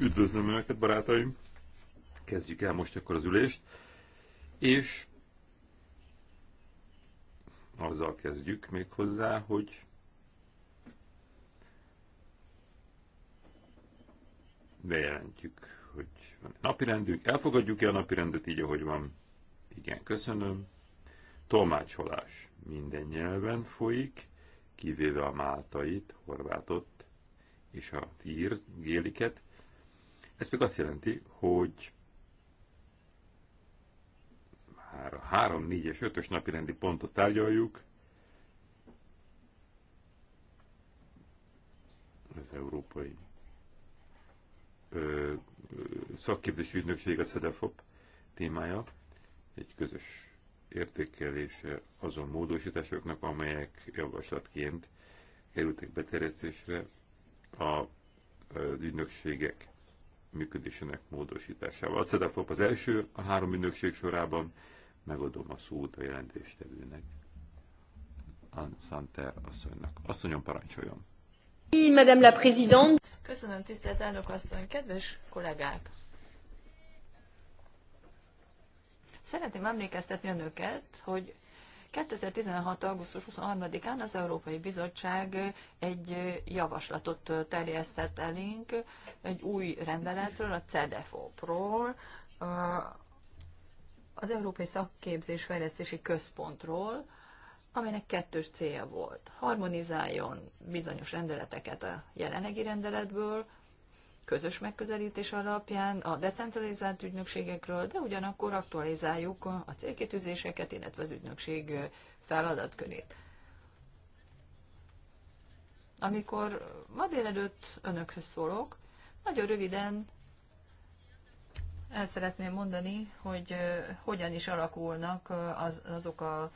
Üdvözlöm Önöket, barátaim! Kezdjük el most akkor az ülést, és azzal kezdjük még hozzá, hogy bejelentjük, hogy van napirendünk, elfogadjuk-e a napirendet így, ahogy van. Igen, köszönöm. Tolmácsolás minden nyelven folyik, kivéve a máltait, horvátot, és a tír géliket. Ez pedig azt jelenti, hogy már a 3, 4 és 5-ös napi rendi pontot tárgyaljuk. Az Európai Szakképzési Ügynökség a SZEDEFOP témája, egy közös értékelése azon módosításoknak, amelyek javaslatként kerültek beterjesztésre a ügynökségek működésének módosításával. A CEDAFOP az első a három ügynökség sorában, megadom a szót a jelentéstevőnek. Santer asszonynak. Asszonyom, parancsoljon! Madame la Présidente! Köszönöm, tisztelt elnök asszony, kedves kollégák! Szeretném emlékeztetni önöket, hogy 2016. augusztus 23-án az Európai Bizottság egy javaslatot terjesztett elénk egy új rendeletről, a CEDEFOP-ról, az Európai Szakképzés Fejlesztési Központról, amelynek kettős célja volt. Harmonizáljon bizonyos rendeleteket a jelenlegi rendeletből, közös megközelítés alapján a decentralizált ügynökségekről, de ugyanakkor aktualizáljuk a célkitűzéseket, illetve az ügynökség feladatkörét. Amikor ma délelőtt önökhöz szólok, nagyon röviden el szeretném mondani, hogy hogyan is alakulnak az, azok a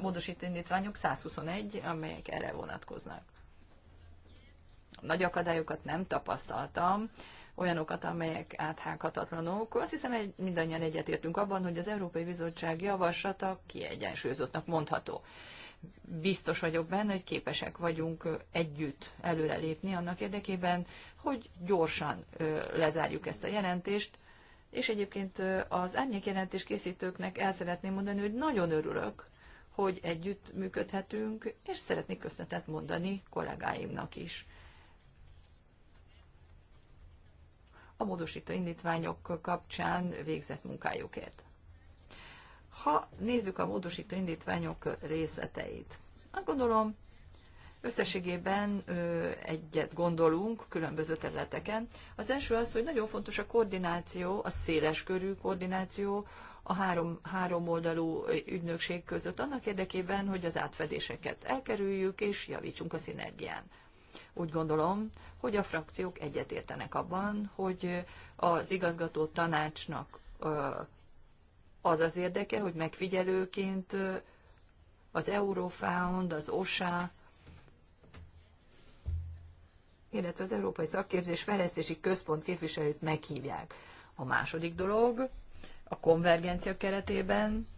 módosító indítványok, 121, amelyek erre vonatkoznak nagy akadályokat nem tapasztaltam, olyanokat, amelyek áthághatatlanok. Azt hiszem, hogy mindannyian egyetértünk abban, hogy az Európai Bizottság javaslata kiegyensúlyozottnak mondható. Biztos vagyok benne, hogy képesek vagyunk együtt előrelépni annak érdekében, hogy gyorsan lezárjuk ezt a jelentést, és egyébként az árnyék jelentés készítőknek el szeretném mondani, hogy nagyon örülök, hogy együtt működhetünk, és szeretnék köszönetet mondani kollégáimnak is. a módosító indítványok kapcsán végzett munkájukért. Ha nézzük a módosító indítványok részleteit, azt gondolom, összességében egyet gondolunk különböző területeken. Az első az, hogy nagyon fontos a koordináció, a széles körű koordináció a három, három oldalú ügynökség között annak érdekében, hogy az átfedéseket elkerüljük és javítsunk a szinergián. Úgy gondolom, hogy a frakciók egyetértenek abban, hogy az igazgató tanácsnak az az érdeke, hogy megfigyelőként az Eurofound, az OSA, illetve az Európai Szakképzés Fejlesztési Központ képviselőt meghívják. A második dolog, a konvergencia keretében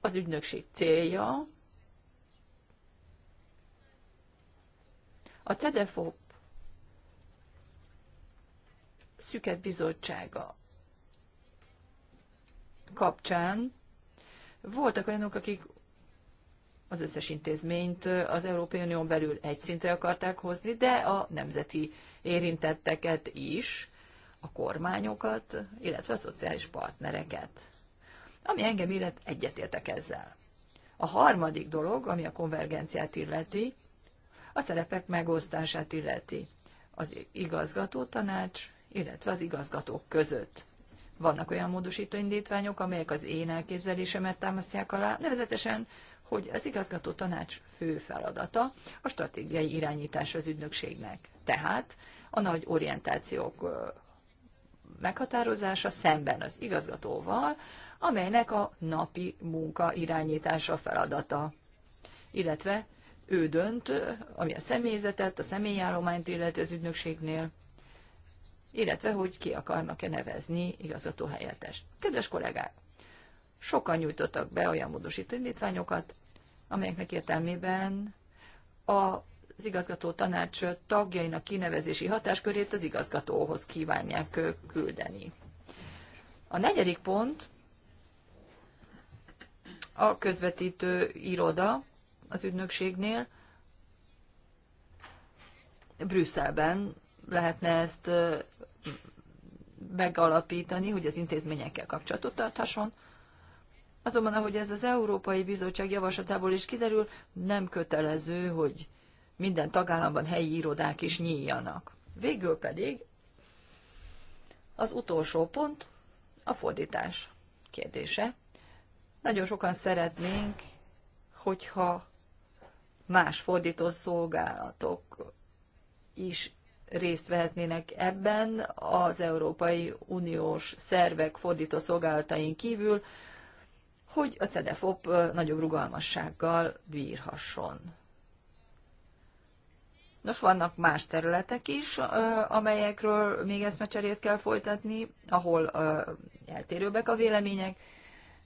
az ügynökség célja, A CEDEFOP szüket bizottsága kapcsán voltak olyanok, akik az összes intézményt az Európai Unión belül egy szintre akarták hozni, de a nemzeti érintetteket is, a kormányokat, illetve a szociális partnereket. Ami engem illet, egyetértek ezzel. A harmadik dolog, ami a konvergenciát illeti, a szerepek megosztását illeti az igazgató tanács, illetve az igazgatók között. Vannak olyan módosító indítványok, amelyek az én elképzelésemet támasztják alá, nevezetesen, hogy az igazgató tanács fő feladata a stratégiai irányítás az ügynökségnek. Tehát a nagy orientációk meghatározása szemben az igazgatóval, amelynek a napi munka irányítása feladata, illetve ő dönt, ami a személyzetet, a személyállományt illeti az ügynökségnél, illetve hogy ki akarnak-e nevezni igazgató helyettest. Kedves kollégák, sokan nyújtottak be olyan módosító indítványokat, amelyeknek értelmében az igazgató tanács tagjainak kinevezési hatáskörét az igazgatóhoz kívánják küldeni. A negyedik pont a közvetítő iroda, az ügynökségnél. Brüsszelben lehetne ezt megalapítani, hogy az intézményekkel kapcsolatot tarthasson. Azonban, ahogy ez az Európai Bizottság javaslatából is kiderül, nem kötelező, hogy minden tagállamban helyi irodák is nyíljanak. Végül pedig az utolsó pont, a fordítás kérdése. Nagyon sokan szeretnénk, hogyha más fordító szolgálatok is részt vehetnének ebben az Európai Uniós szervek fordító szolgálatain kívül, hogy a CEDEFOP nagyobb rugalmassággal bírhasson. Nos, vannak más területek is, amelyekről még eszmecserét kell folytatni, ahol eltérőbbek a vélemények,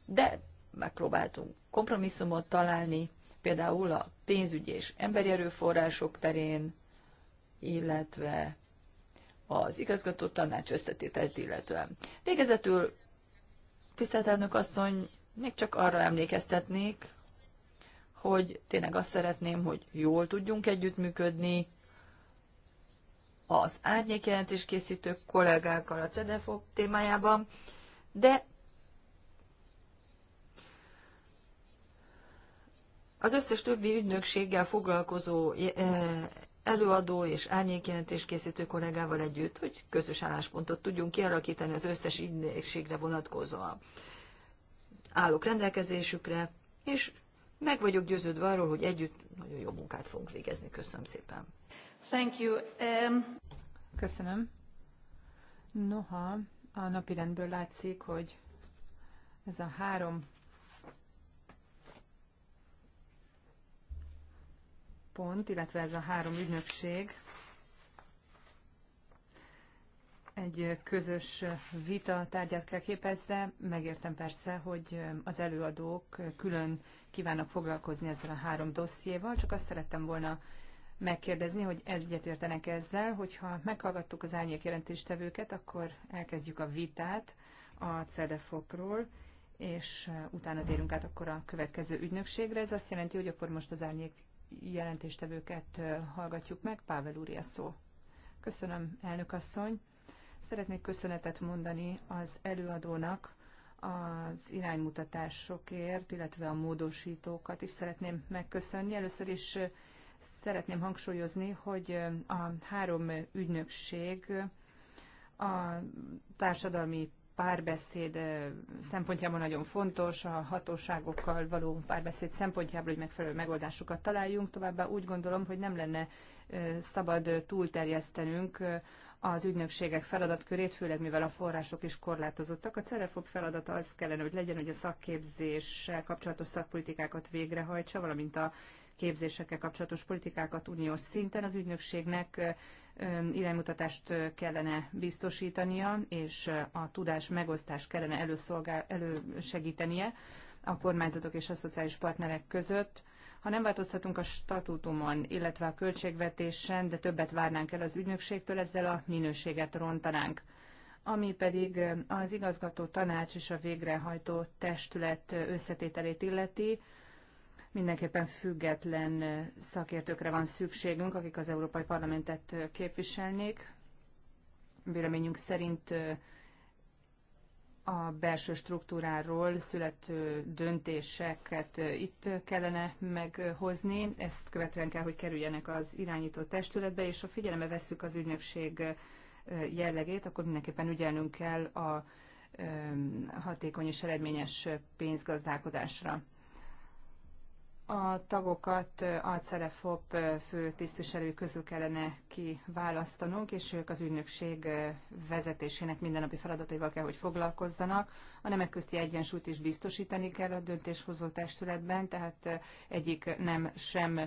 de megpróbáltunk kompromisszumot találni, például a pénzügyi és emberi erőforrások terén, illetve az igazgató tanács összetételt illetően. Végezetül, tisztelt elnök asszony, még csak arra emlékeztetnék, hogy tényleg azt szeretném, hogy jól tudjunk együttműködni az árnyékjelentés készítő kollégákkal a CEDEFO témájában, de Az összes többi ügynökséggel foglalkozó eh, előadó és árnyékjelentés készítő kollégával együtt, hogy közös álláspontot tudjunk kialakítani az összes ügynökségre vonatkozóan. Állok rendelkezésükre, és meg vagyok győződve arról, hogy együtt nagyon jó munkát fogunk végezni. Köszönöm szépen. Thank you. Um... Köszönöm. Noha, a napirendből látszik, hogy ez a három pont, illetve ez a három ügynökség egy közös vita tárgyát kell képezze. Megértem persze, hogy az előadók külön kívánnak foglalkozni ezzel a három dossziéval, csak azt szerettem volna megkérdezni, hogy ez egyetértenek ezzel, hogyha meghallgattuk az árnyék jelentéstevőket, akkor elkezdjük a vitát a CEDEFOP-ról, és utána térünk át akkor a következő ügynökségre. Ez azt jelenti, hogy akkor most az árnyék jelentéstevőket hallgatjuk meg. Pável úr, szó. Köszönöm, elnök asszony. Szeretnék köszönetet mondani az előadónak az iránymutatásokért, illetve a módosítókat is szeretném megköszönni. Először is szeretném hangsúlyozni, hogy a három ügynökség a társadalmi párbeszéd szempontjából nagyon fontos, a hatóságokkal való párbeszéd szempontjából, hogy megfelelő megoldásokat találjunk. Továbbá úgy gondolom, hogy nem lenne szabad túlterjesztenünk az ügynökségek feladatkörét, főleg mivel a források is korlátozottak. A CEREFOP feladata az kellene, hogy legyen, hogy a szakképzéssel kapcsolatos szakpolitikákat végrehajtsa, valamint a képzésekkel kapcsolatos politikákat uniós szinten. Az ügynökségnek iránymutatást kellene biztosítania, és a tudás megosztást kellene elősegítenie a kormányzatok és a szociális partnerek között. Ha nem változtatunk a statútumon, illetve a költségvetésen, de többet várnánk el az ügynökségtől, ezzel a minőséget rontanánk ami pedig az igazgató tanács és a végrehajtó testület összetételét illeti mindenképpen független szakértőkre van szükségünk, akik az Európai Parlamentet képviselnék. Véleményünk szerint a belső struktúráról születő döntéseket itt kellene meghozni. Ezt követően kell, hogy kerüljenek az irányító testületbe, és ha figyelembe vesszük az ügynökség jellegét, akkor mindenképpen ügyelnünk kell a hatékony és eredményes pénzgazdálkodásra a tagokat a Cerefop fő tisztviselő közül kellene kiválasztanunk, és ők az ügynökség vezetésének mindennapi feladataival kell, hogy foglalkozzanak. A nemek közti egyensúlyt is biztosítani kell a döntéshozó testületben, tehát egyik nem sem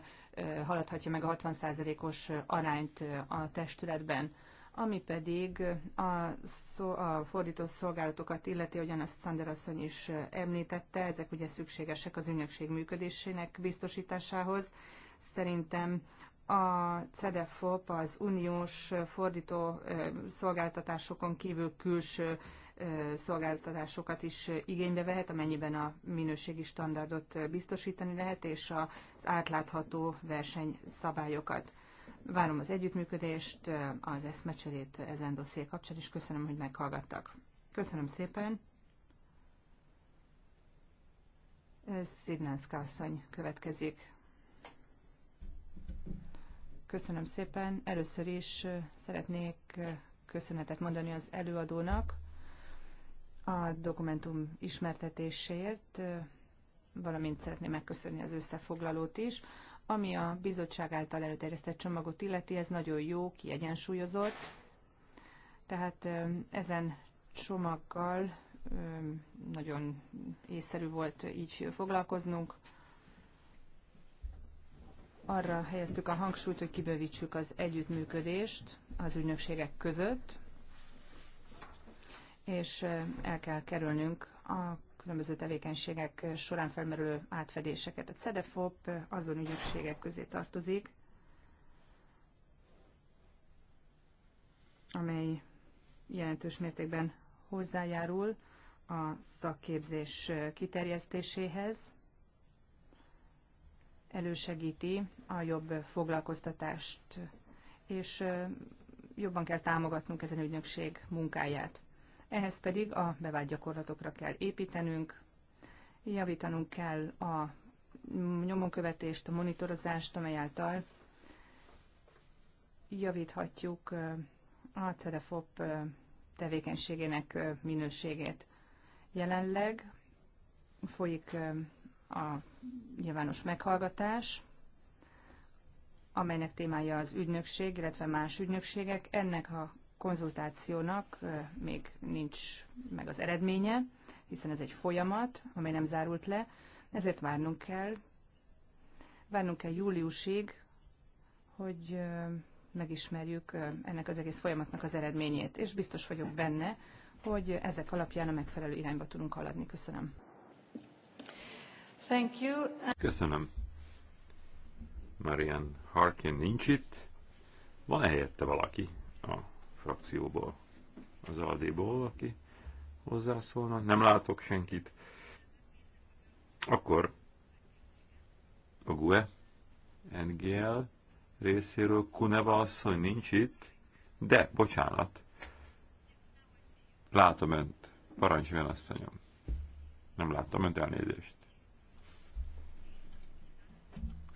haladhatja meg a 60%-os arányt a testületben. Ami pedig a, szó, a fordító szolgálatokat illeti, ahogyan ezt Szander asszony is említette, ezek ugye szükségesek az ügynökség működésének biztosításához. Szerintem a CEDEFOP az uniós fordító szolgáltatásokon kívül külső szolgáltatásokat is igénybe vehet, amennyiben a minőségi standardot biztosítani lehet, és az átlátható versenyszabályokat. Várom az együttműködést, az eszmecserét ezen dosszé kapcsán, és köszönöm, hogy meghallgattak. Köszönöm szépen. Szidnánszka asszony következik. Köszönöm szépen. Először is szeretnék köszönetet mondani az előadónak a dokumentum ismertetéséért, valamint szeretném megköszönni az összefoglalót is. Ami a bizottság által előterjesztett csomagot illeti, ez nagyon jó, kiegyensúlyozott. Tehát ezen csomaggal nagyon észszerű volt így foglalkoznunk. Arra helyeztük a hangsúlyt, hogy kibővítsük az együttműködést az ügynökségek között, és el kell kerülnünk a különböző tevékenységek során felmerülő átfedéseket. A CEDEFOP azon ügyökségek közé tartozik, amely jelentős mértékben hozzájárul a szakképzés kiterjesztéséhez, elősegíti a jobb foglalkoztatást, és jobban kell támogatnunk ezen ügynökség munkáját ehhez pedig a bevált gyakorlatokra kell építenünk, javítanunk kell a nyomonkövetést, a monitorozást, amely által javíthatjuk a CEDEFOP tevékenységének minőségét. Jelenleg folyik a nyilvános meghallgatás, amelynek témája az ügynökség, illetve más ügynökségek. Ennek a konzultációnak még nincs meg az eredménye, hiszen ez egy folyamat, amely nem zárult le, ezért várnunk kell, várnunk kell júliusig, hogy megismerjük ennek az egész folyamatnak az eredményét, és biztos vagyok benne, hogy ezek alapján a megfelelő irányba tudunk haladni. Köszönöm. Thank you. Köszönöm. Marian Harkin nincs itt. Van helyette valaki a frakcióból, az AD-ból, aki hozzászólna. Nem látok senkit. Akkor a GUE, NGL részéről Kuneva asszony nincs itt, de, bocsánat, látom önt, parancsoljon asszonyom. Nem láttam önt, elnézést.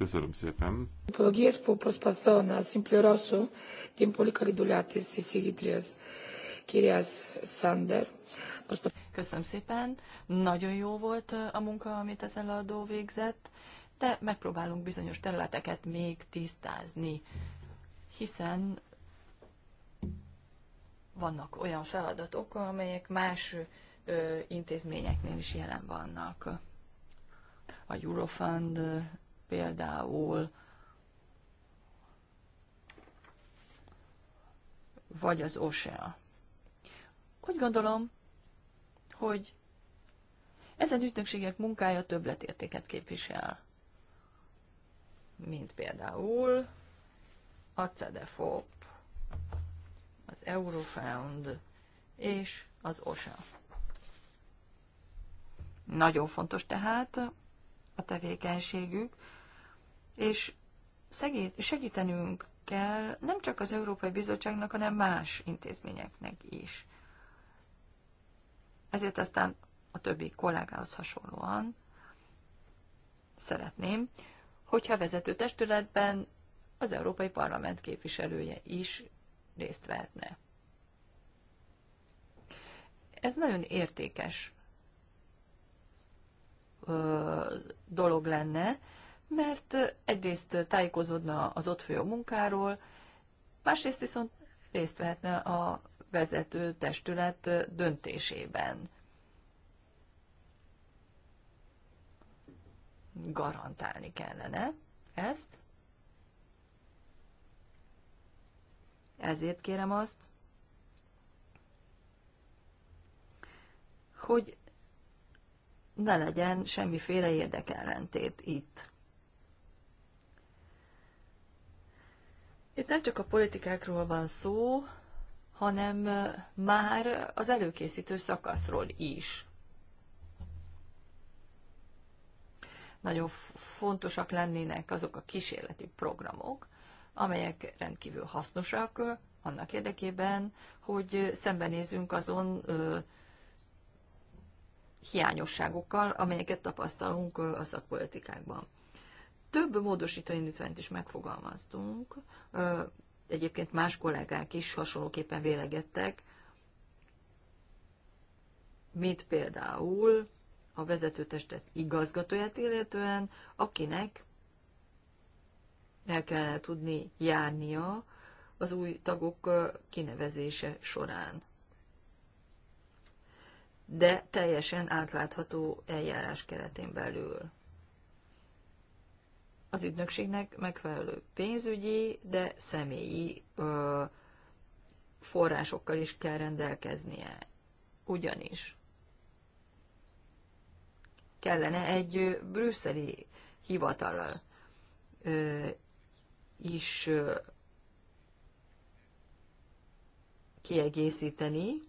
Köszönöm szépen. Υπουργείες που προσπαθώ να συμπληρώσω την πολύ καλή δουλειά της εισηγήτριας κυρίας Σάντερ. Köszönöm szépen, nagyon jó volt eh, a munka, amit az eladó végzett, de megpróbálunk bizonyos területeket még tisztázni, hiszen vannak olyan feladatok, amelyek más ö, eh, intézményeknél is jelen vannak. A Eurofund eh, például, vagy az OSEA. Úgy gondolom, hogy ezen ügynökségek munkája többletértéket képvisel, mint például a CEDEFOP, az Eurofound és az OSA. Nagyon fontos tehát a tevékenységük, és segítenünk kell nem csak az Európai Bizottságnak, hanem más intézményeknek is. Ezért aztán a többi kollégához hasonlóan szeretném, hogyha vezető testületben az Európai Parlament képviselője is részt vehetne. Ez nagyon értékes ö, dolog lenne, mert egyrészt tájékozódna az ott folyó munkáról, másrészt viszont részt vehetne a vezető testület döntésében. Garantálni kellene ezt. Ezért kérem azt, hogy ne legyen semmiféle érdekellentét itt. Itt nem csak a politikákról van szó, hanem már az előkészítő szakaszról is. Nagyon fontosak lennének azok a kísérleti programok, amelyek rendkívül hasznosak annak érdekében, hogy szembenézünk azon ö, hiányosságokkal, amelyeket tapasztalunk a szakpolitikákban. Több módosító indítványt is megfogalmaztunk, egyébként más kollégák is hasonlóképpen vélegettek, mint például a vezetőtestet igazgatóját illetően, akinek el kellene tudni járnia az új tagok kinevezése során. De teljesen átlátható eljárás keretén belül az ügynökségnek megfelelő pénzügyi, de személyi ö, forrásokkal is kell rendelkeznie. Ugyanis kellene egy brüsszeli hivatallal ö, is ö, kiegészíteni,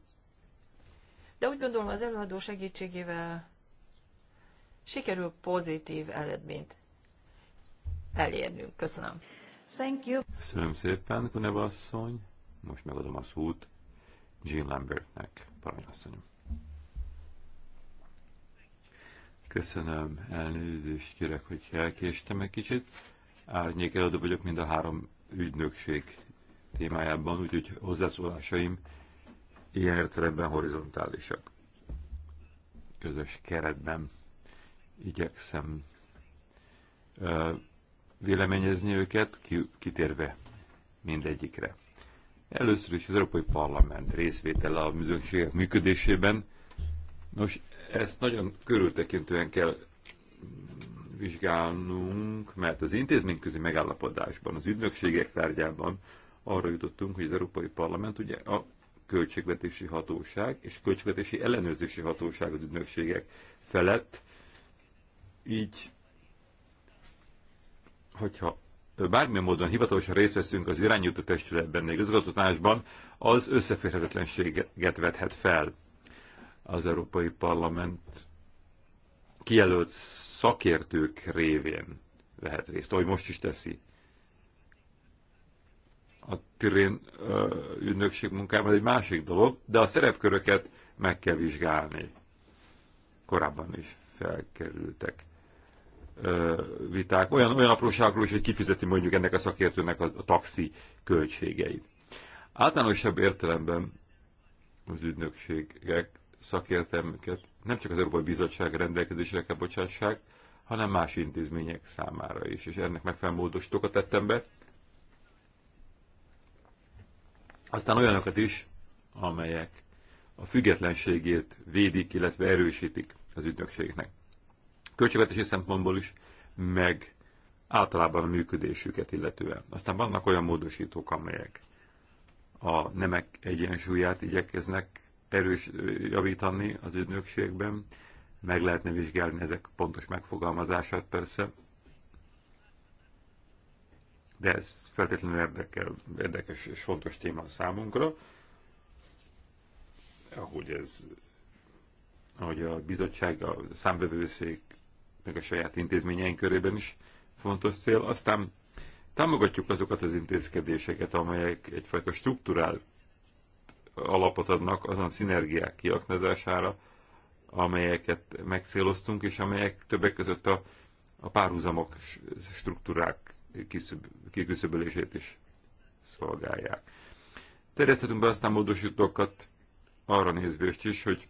de úgy gondolom az előadó segítségével sikerül pozitív eredményt elérnünk. Köszönöm. Thank you. Köszönöm szépen, Kuneva asszony. Most megadom a szót Jean Lambertnek, parancsasszonyom. Köszönöm, elnézést kérek, hogy elkéstem egy kicsit. Árnyék eladó vagyok mind a három ügynökség témájában, úgyhogy hozzászólásaim ilyen értelemben horizontálisak. Közös keretben igyekszem véleményezni őket, kitérve mindegyikre. Először is az Európai Parlament részvétele a műzőségek működésében. Nos, ezt nagyon körültekintően kell vizsgálnunk, mert az intézményközi megállapodásban, az ügynökségek tárgyában arra jutottunk, hogy az Európai Parlament ugye a költségvetési hatóság és költségvetési ellenőrzési hatóság az ügynökségek felett, így hogyha bármilyen módon hivatalosan részt veszünk az irányító testületben, még igazgatotásban, az összeférhetetlenséget vethet fel. Az Európai Parlament kijelölt szakértők révén vehet részt, ahogy most is teszi. A Tirén ügynökség munkában egy másik dolog, de a szerepköröket meg kell vizsgálni. Korábban is felkerültek viták, olyan, olyan apróságról is, hogy kifizeti mondjuk ennek a szakértőnek a, a taxi költségeit. Általánosabb értelemben az ügynökségek szakértelmüket nem csak az Európai Bizottság rendelkezésre kell bocsássák, hanem más intézmények számára is, és ennek megfelelően módosítókat tettem be. Aztán olyanokat is, amelyek a függetlenségét védik, illetve erősítik az ügynökségnek költségvetési szempontból is, meg általában a működésüket illetően. Aztán vannak olyan módosítók, amelyek a nemek egyensúlyát igyekeznek erős javítani az ügynökségben, meg lehetne vizsgálni ezek pontos megfogalmazását persze, de ez feltétlenül érdekel, érdekes és fontos téma számunkra, ahogy ez ahogy a bizottság, a számbevőszék meg a saját intézményeink körében is fontos cél. Aztán támogatjuk azokat az intézkedéseket, amelyek egyfajta struktúrál alapot adnak azon szinergiák kiaknázására, amelyeket megcéloztunk, és amelyek többek között a, a párhuzamok struktúrák kiküszöbölését is szolgálják. Terjeszthetünk be aztán módosítókat arra nézvést is, hogy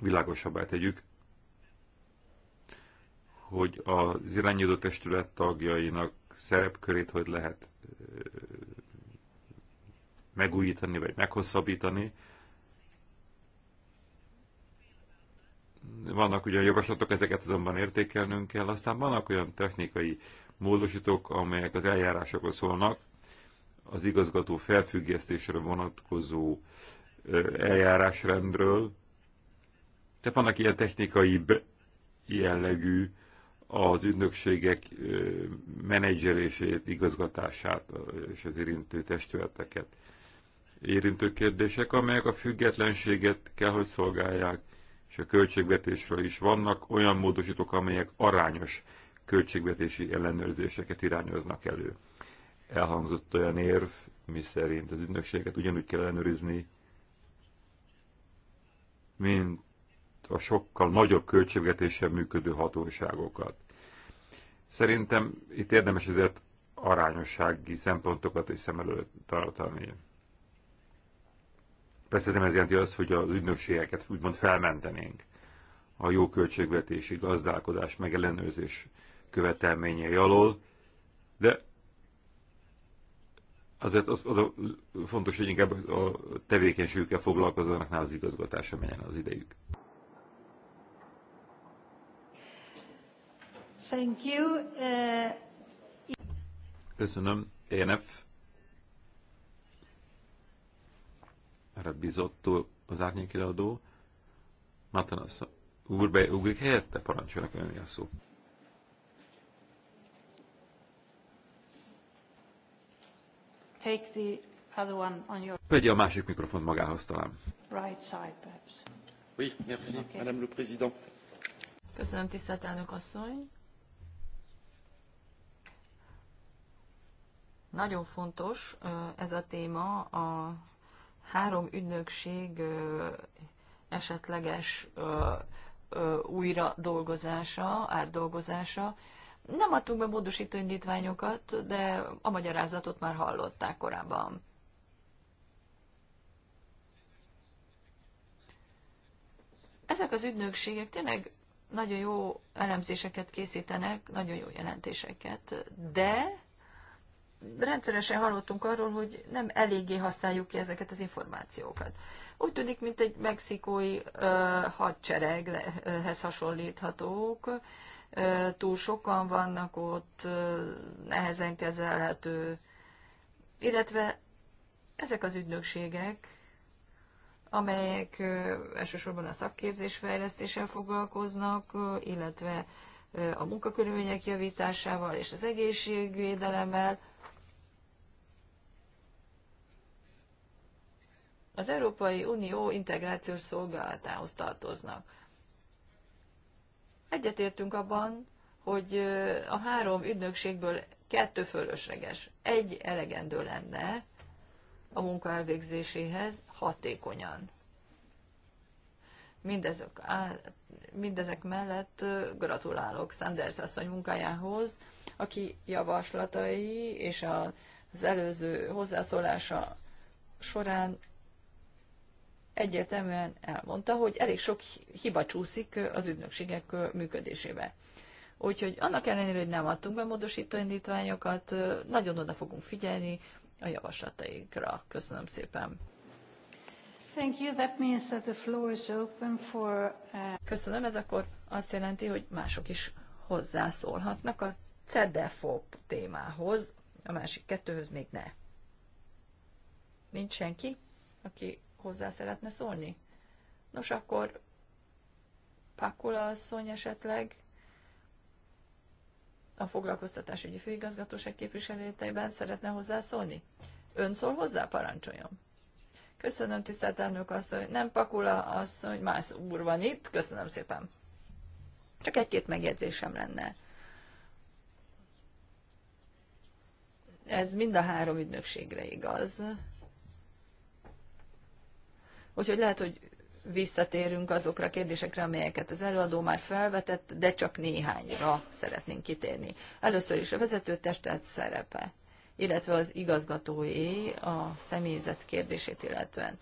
világosabbá tegyük hogy az irányító testület tagjainak szerepkörét hogy lehet megújítani, vagy meghosszabbítani. Vannak ugyan javaslatok, ezeket azonban értékelnünk kell. Aztán vannak olyan technikai módosítók, amelyek az eljárásokhoz szólnak, az igazgató felfüggesztésre vonatkozó eljárásrendről. Tehát vannak ilyen technikai jellegű az ügynökségek menedzselését, igazgatását és az érintő testületeket érintő kérdések, amelyek a függetlenséget kell, hogy szolgálják, és a költségvetésről is vannak olyan módosítók, amelyek arányos költségvetési ellenőrzéseket irányoznak elő. Elhangzott olyan érv, mi szerint az ügynökséget ugyanúgy kell ellenőrizni, mint a sokkal nagyobb költségvetéssel működő hatóságokat. Szerintem itt érdemes ezért arányossági szempontokat is szem előtt tartani. Persze ez nem ez jelenti azt, hogy az ügynökségeket úgymond felmentenénk a jó költségvetési gazdálkodás megellenőrzés követelményei alól, de azért az, az a, fontos, hogy inkább a tevékenységükkel foglalkozzanak, ne az igazgatása menjen az idejük. Thank you. Uh... Köszönöm. ENF. Erre bizottó az árnyék előadó. Matanasz úr ugrik helyette, parancsolnak önni a szó. Take the other one on your... Vegye a másik mikrofon magához talán. Right side, perhaps. Oui, merci, okay. Madame le Président. Köszönöm, tisztelt elnök asszony. Nagyon fontos ez a téma a három ügynökség esetleges újra dolgozása, átdolgozása. Nem adtunk be módosító indítványokat, de a magyarázatot már hallották korábban. Ezek az ügynökségek tényleg nagyon jó elemzéseket készítenek, nagyon jó jelentéseket, de rendszeresen hallottunk arról, hogy nem eléggé használjuk ki ezeket az információkat. Úgy tűnik, mint egy mexikói ö, hadsereghez hasonlíthatók. túl sokan vannak ott, nehezen kezelhető, illetve ezek az ügynökségek, amelyek elsősorban a szakképzés fejlesztéssel foglalkoznak, illetve a munkakörülmények javításával és az egészségvédelemmel, az Európai Unió integrációs szolgálatához tartoznak. Egyetértünk abban, hogy a három ügynökségből kettő fölösleges. Egy elegendő lenne a munka elvégzéséhez hatékonyan. Mindezek, á, mindezek mellett gratulálok Sanders asszony munkájához, aki javaslatai és az előző hozzászólása során egyértelműen elmondta, hogy elég sok hiba csúszik az ügynökségek működésébe. Úgyhogy annak ellenére, hogy nem adtunk be módosító indítványokat, nagyon oda fogunk figyelni a javaslataikra. Köszönöm szépen. Thank you. That means that the floor is open for, uh... Köszönöm, ez akkor azt jelenti, hogy mások is hozzászólhatnak a CEDEFOP témához, a másik kettőhöz még ne. Nincs senki, aki hozzá szeretne szólni? Nos, akkor Pakula asszony esetleg a foglalkoztatásügyi főigazgatóság képviselőjétejben szeretne hozzászólni? Ön szól hozzá, parancsoljon. Köszönöm, tisztelt elnök asszony. Nem Pakula asszony, más úr van itt. Köszönöm szépen. Csak egy-két megjegyzésem lenne. Ez mind a három ügynökségre igaz, Úgyhogy lehet, hogy visszatérünk azokra a kérdésekre, amelyeket az előadó már felvetett, de csak néhányra szeretnénk kitérni. Először is a vezetőtestet szerepe, illetve az igazgatói a személyzet kérdését illetően.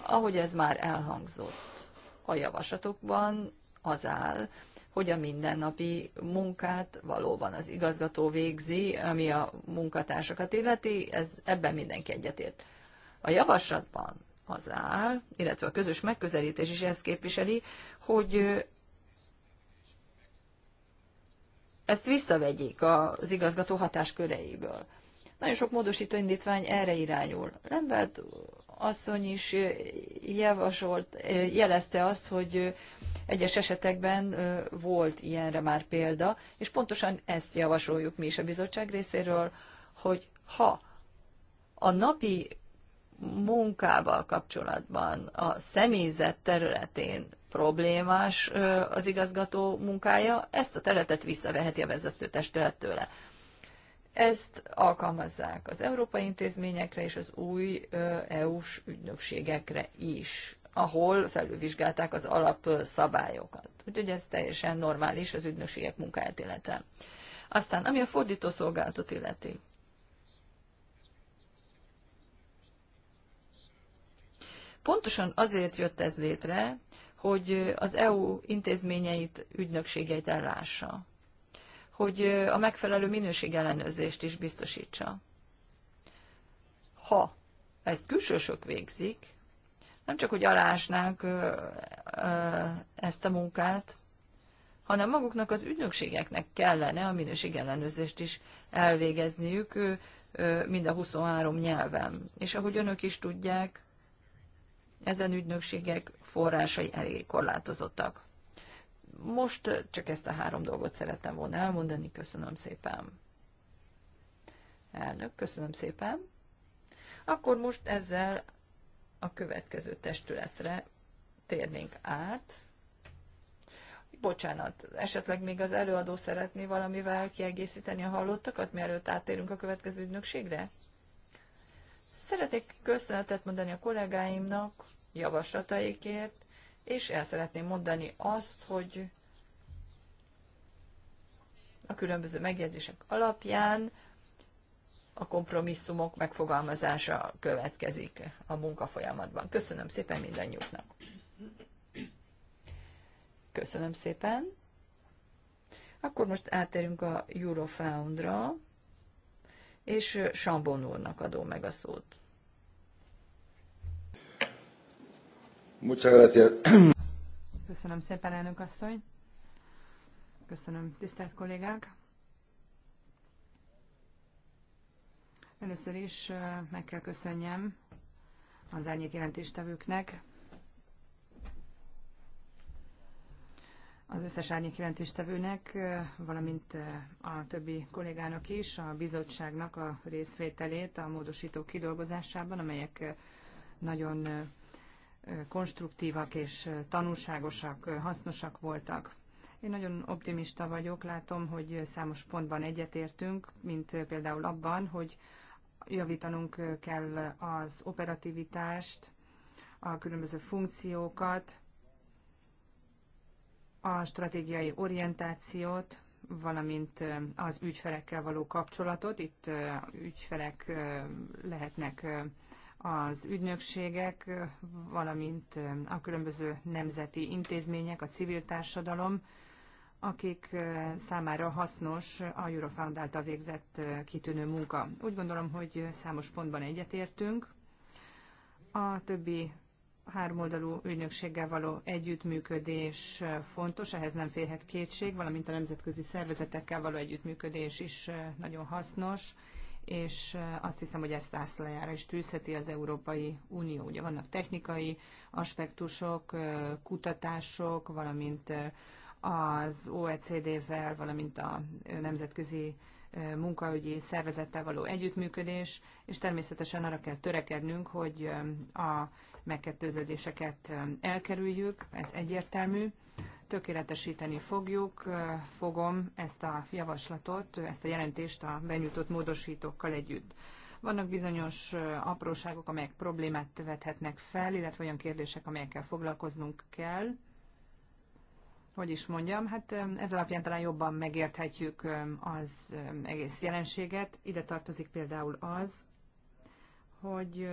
Ahogy ez már elhangzott a javaslatokban, az áll, hogy a mindennapi munkát valóban az igazgató végzi, ami a munkatársakat illeti, ez, ebben mindenki egyetért. A javaslatban az áll, illetve a közös megközelítés is ezt képviseli, hogy ezt visszavegyék az igazgató hatásköreiből. Nagyon sok módosító indítvány erre irányul. Lembert asszony is javasolt, jelezte azt, hogy egyes esetekben volt ilyenre már példa, és pontosan ezt javasoljuk mi is a bizottság részéről, hogy ha a napi munkával kapcsolatban a személyzet területén problémás az igazgató munkája, ezt a területet visszaveheti a vezető testület tőle. Ezt alkalmazzák az európai intézményekre és az új EU-s ügynökségekre is, ahol felülvizsgálták az alapszabályokat. Úgyhogy ez teljesen normális az ügynökségek munkáját illetve. Aztán, ami a fordítószolgálatot illeti. Pontosan azért jött ez létre, hogy az EU intézményeit, ügynökségeit ellássa, hogy a megfelelő minőség ellenőrzést is biztosítsa. Ha ezt külsősök végzik, nem csak, hogy alásnánk ezt a munkát, hanem maguknak az ügynökségeknek kellene a ellenőrzést is elvégezniük mind a 23 nyelven. És ahogy önök is tudják, ezen ügynökségek forrásai elég korlátozottak. Most csak ezt a három dolgot szerettem volna elmondani. Köszönöm szépen. Elnök, köszönöm szépen. Akkor most ezzel a következő testületre térnénk át. Bocsánat, esetleg még az előadó szeretné valamivel kiegészíteni a hallottakat, mielőtt áttérünk a következő ügynökségre? Szeretnék köszönetet mondani a kollégáimnak javaslataikért, és el szeretném mondani azt, hogy a különböző megjegyzések alapján a kompromisszumok megfogalmazása következik a munkafolyamatban. Köszönöm szépen mindannyiuknak. Köszönöm szépen. Akkor most átérünk a Eurofoundra és Sambon úrnak adom meg a szót. Köszönöm szépen, elnök asszony. Köszönöm, tisztelt kollégák. Először is meg kell köszönjem az árnyék jelentéstevőknek, az összes árnyék jelentéstevőnek, valamint a többi kollégának is, a bizottságnak a részvételét a módosítók kidolgozásában, amelyek nagyon konstruktívak és tanulságosak, hasznosak voltak. Én nagyon optimista vagyok, látom, hogy számos pontban egyetértünk, mint például abban, hogy javítanunk kell az operativitást, a különböző funkciókat, a stratégiai orientációt, valamint az ügyfelekkel való kapcsolatot. Itt ügyfelek lehetnek az ügynökségek, valamint a különböző nemzeti intézmények, a civil társadalom, akik számára hasznos a Eurofound által végzett kitűnő munka. Úgy gondolom, hogy számos pontban egyetértünk. A többi háromoldalú ügynökséggel való együttműködés fontos, ehhez nem férhet kétség, valamint a nemzetközi szervezetekkel való együttműködés is nagyon hasznos, és azt hiszem, hogy ezt ászlajára is tűzheti az Európai Unió. Ugye vannak technikai aspektusok, kutatások, valamint az OECD-vel, valamint a nemzetközi munkaügyi szervezettel való együttműködés, és természetesen arra kell törekednünk, hogy um, a megkettőződéseket um, elkerüljük, ez egyértelmű. Tökéletesíteni fogjuk, uh, fogom ezt a javaslatot, ezt a jelentést a benyújtott módosítókkal együtt. Vannak bizonyos uh, apróságok, amelyek problémát vethetnek fel, illetve olyan kérdések, amelyekkel foglalkoznunk kell hogy is mondjam, hát ez alapján talán jobban megérthetjük az egész jelenséget. Ide tartozik például az, hogy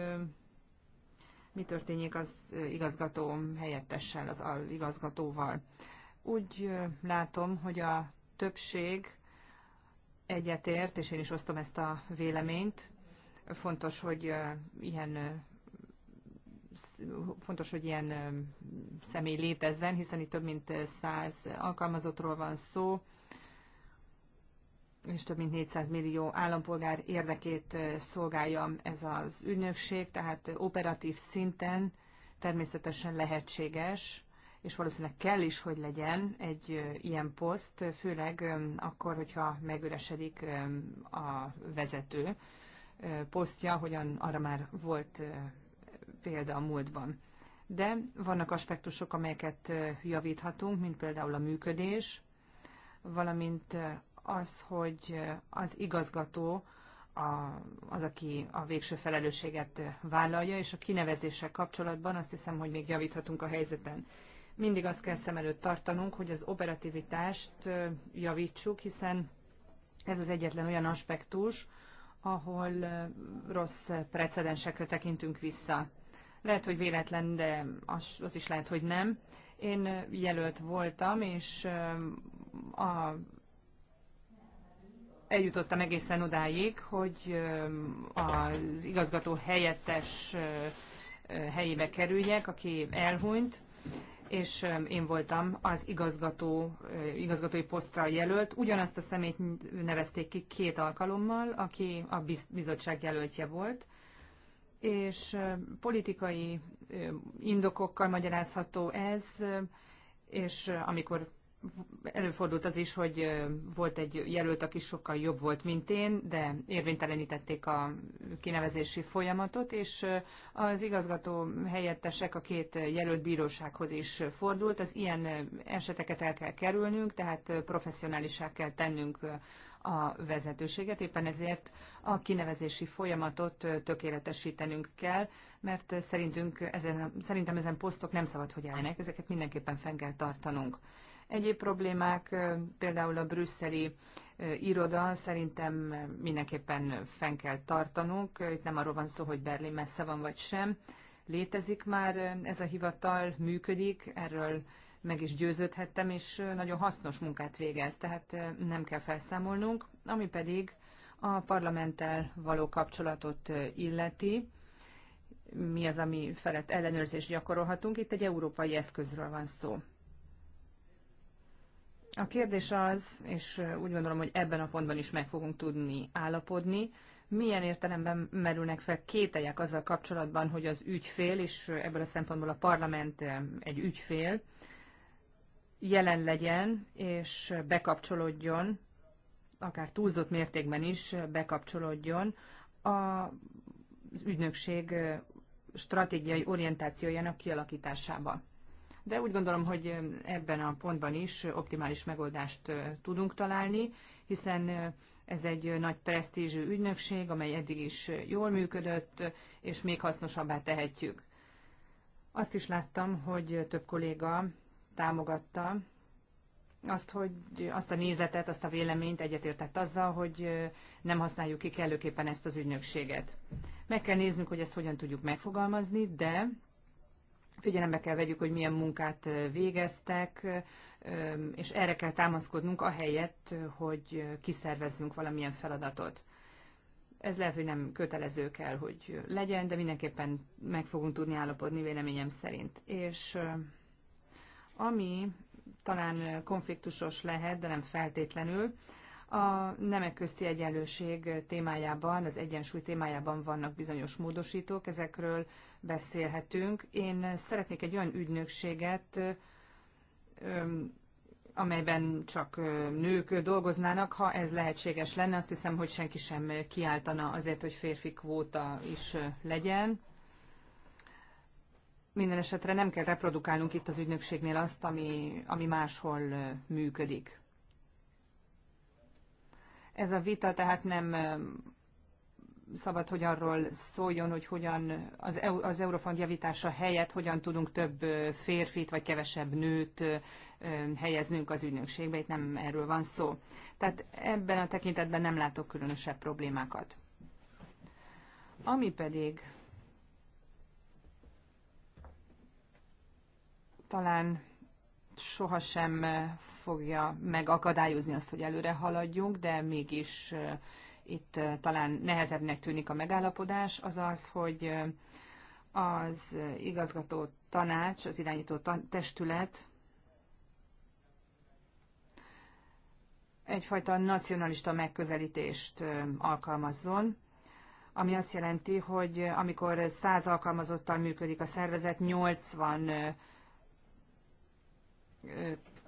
mi történik az igazgató helyettessel, az igazgatóval. Úgy látom, hogy a többség egyetért, és én is osztom ezt a véleményt. Fontos, hogy ilyen fontos, hogy ilyen személy létezzen, hiszen itt több mint 100 alkalmazottról van szó, és több mint 400 millió állampolgár érdekét szolgálja ez az ügynökség, tehát operatív szinten természetesen lehetséges, és valószínűleg kell is, hogy legyen egy ilyen poszt, főleg akkor, hogyha megüresedik a vezető posztja, hogyan arra már volt példa a múltban. De vannak aspektusok, amelyeket javíthatunk, mint például a működés, valamint az, hogy az igazgató a, az, aki a végső felelősséget vállalja, és a kinevezéssel kapcsolatban azt hiszem, hogy még javíthatunk a helyzeten. Mindig azt kell szem előtt tartanunk, hogy az operativitást javítsuk, hiszen ez az egyetlen olyan aspektus, ahol rossz precedensekre tekintünk vissza. Lehet, hogy véletlen, de az, az is lehet, hogy nem. Én jelölt voltam, és a, eljutottam egészen odáig, hogy az igazgató helyettes helyébe kerüljek, aki elhunyt, és én voltam az igazgató, igazgatói posztra jelölt. Ugyanazt a szemét nevezték ki két alkalommal, aki a bizottság jelöltje volt, és politikai indokokkal magyarázható ez, és amikor előfordult az is, hogy volt egy jelölt, aki sokkal jobb volt, mint én, de érvénytelenítették a kinevezési folyamatot, és az igazgató helyettesek a két jelölt bírósághoz is fordult. Az ilyen eseteket el kell kerülnünk, tehát professzionálisá kell tennünk a vezetőséget, éppen ezért a kinevezési folyamatot tökéletesítenünk kell, mert szerintünk ezen, szerintem ezen posztok nem szabad, hogy álljanak, ezeket mindenképpen fenn kell tartanunk. Egyéb problémák, például a brüsszeli iroda szerintem mindenképpen fenn kell tartanunk. Itt nem arról van szó, hogy Berlin messze van vagy sem. Létezik már ez a hivatal, működik, erről meg is győződhettem, és nagyon hasznos munkát végez, tehát nem kell felszámolnunk, ami pedig a parlamenttel való kapcsolatot illeti, mi az, ami felett ellenőrzést gyakorolhatunk. Itt egy európai eszközről van szó. A kérdés az, és úgy gondolom, hogy ebben a pontban is meg fogunk tudni állapodni, milyen értelemben merülnek fel kételjek azzal kapcsolatban, hogy az ügyfél, és ebből a szempontból a parlament egy ügyfél, jelen legyen és bekapcsolódjon, akár túlzott mértékben is bekapcsolódjon az ügynökség stratégiai orientációjának kialakításába. De úgy gondolom, hogy ebben a pontban is optimális megoldást tudunk találni, hiszen ez egy nagy presztízsű ügynökség, amely eddig is jól működött, és még hasznosabbá tehetjük. Azt is láttam, hogy több kolléga támogatta azt, hogy azt a nézetet, azt a véleményt egyetértett azzal, hogy nem használjuk ki kellőképpen ezt az ügynökséget. Meg kell néznünk, hogy ezt hogyan tudjuk megfogalmazni, de figyelembe kell vegyük, hogy milyen munkát végeztek, és erre kell támaszkodnunk ahelyett, hogy kiszervezzünk valamilyen feladatot. Ez lehet, hogy nem kötelező kell, hogy legyen, de mindenképpen meg fogunk tudni állapodni véleményem szerint. És ami talán konfliktusos lehet, de nem feltétlenül, a nemek közti egyenlőség témájában, az egyensúly témájában vannak bizonyos módosítók, ezekről beszélhetünk. Én szeretnék egy olyan ügynökséget, amelyben csak nők dolgoznának, ha ez lehetséges lenne, azt hiszem, hogy senki sem kiáltana azért, hogy férfi kvóta is legyen. Minden esetre nem kell reprodukálnunk itt az ügynökségnél azt, ami, ami máshol működik. Ez a vita tehát nem szabad, hogy arról szóljon, hogy hogyan az, EU, az Eurofond javítása helyett hogyan tudunk több férfit vagy kevesebb nőt helyeznünk az ügynökségbe, itt nem erről van szó. Tehát ebben a tekintetben nem látok különösebb problémákat. Ami pedig talán sohasem eh, fogja megakadályozni azt, hogy előre haladjunk, de mégis eh, itt eh, talán nehezebbnek tűnik a megállapodás, az az, hogy az igazgató tanács, az irányító testület egyfajta nacionalista megközelítést alkalmazzon, ami azt jelenti, hogy amikor 100 alkalmazottal működik a szervezet, 80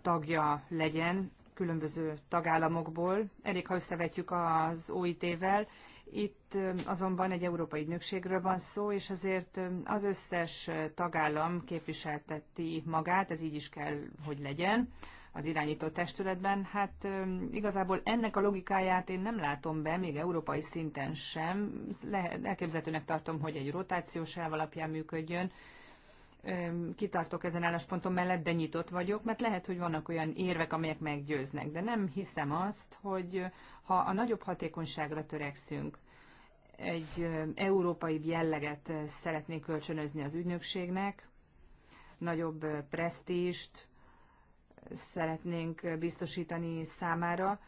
tagja legyen különböző tagállamokból. Elég, ha összevetjük az OIT-vel, itt azonban egy európai ügynökségről van szó, és azért az összes tagállam képviselteti magát, ez így is kell, hogy legyen az irányító testületben. Hát igazából ennek a logikáját én nem látom be, még európai szinten sem. Lehet, elképzelhetőnek tartom, hogy egy rotációs elv alapján működjön, kitartok ezen állásponton mellett, de nyitott vagyok, mert lehet, hogy vannak olyan érvek, amelyek meggyőznek, de nem hiszem azt, hogy ha a nagyobb hatékonyságra törekszünk, egy európai jelleget szeretnék kölcsönözni az ügynökségnek, nagyobb presztíst szeretnénk biztosítani számára.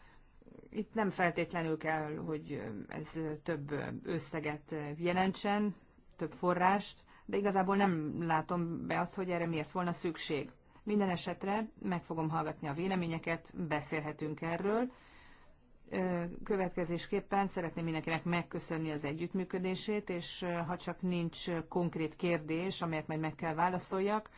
Itt nem feltétlenül kell, hogy ez több összeget jelentsen, több forrást, de igazából nem látom be azt, hogy erre miért volna szükség. Minden esetre meg fogom hallgatni a véleményeket, beszélhetünk erről. Következésképpen szeretném mindenkinek megköszönni az együttműködését, és ha csak nincs konkrét kérdés, amelyet majd meg kell válaszoljak,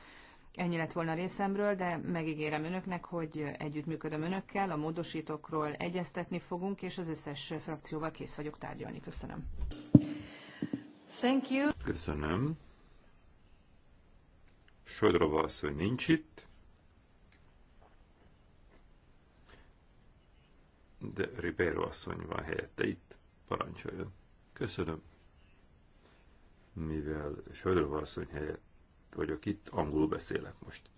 Ennyi lett volna részemről, de megígérem önöknek, hogy együttműködöm önökkel, a módosítókról egyeztetni fogunk, és az összes frakcióval kész vagyok tárgyalni. Köszönöm. Thank you. Köszönöm. Söldrova asszony nincs itt, de Ribeiro asszony van helyette itt. Parancsoljon. Köszönöm. Mivel Söldrova asszony helyett vagyok itt, angolul beszélek most.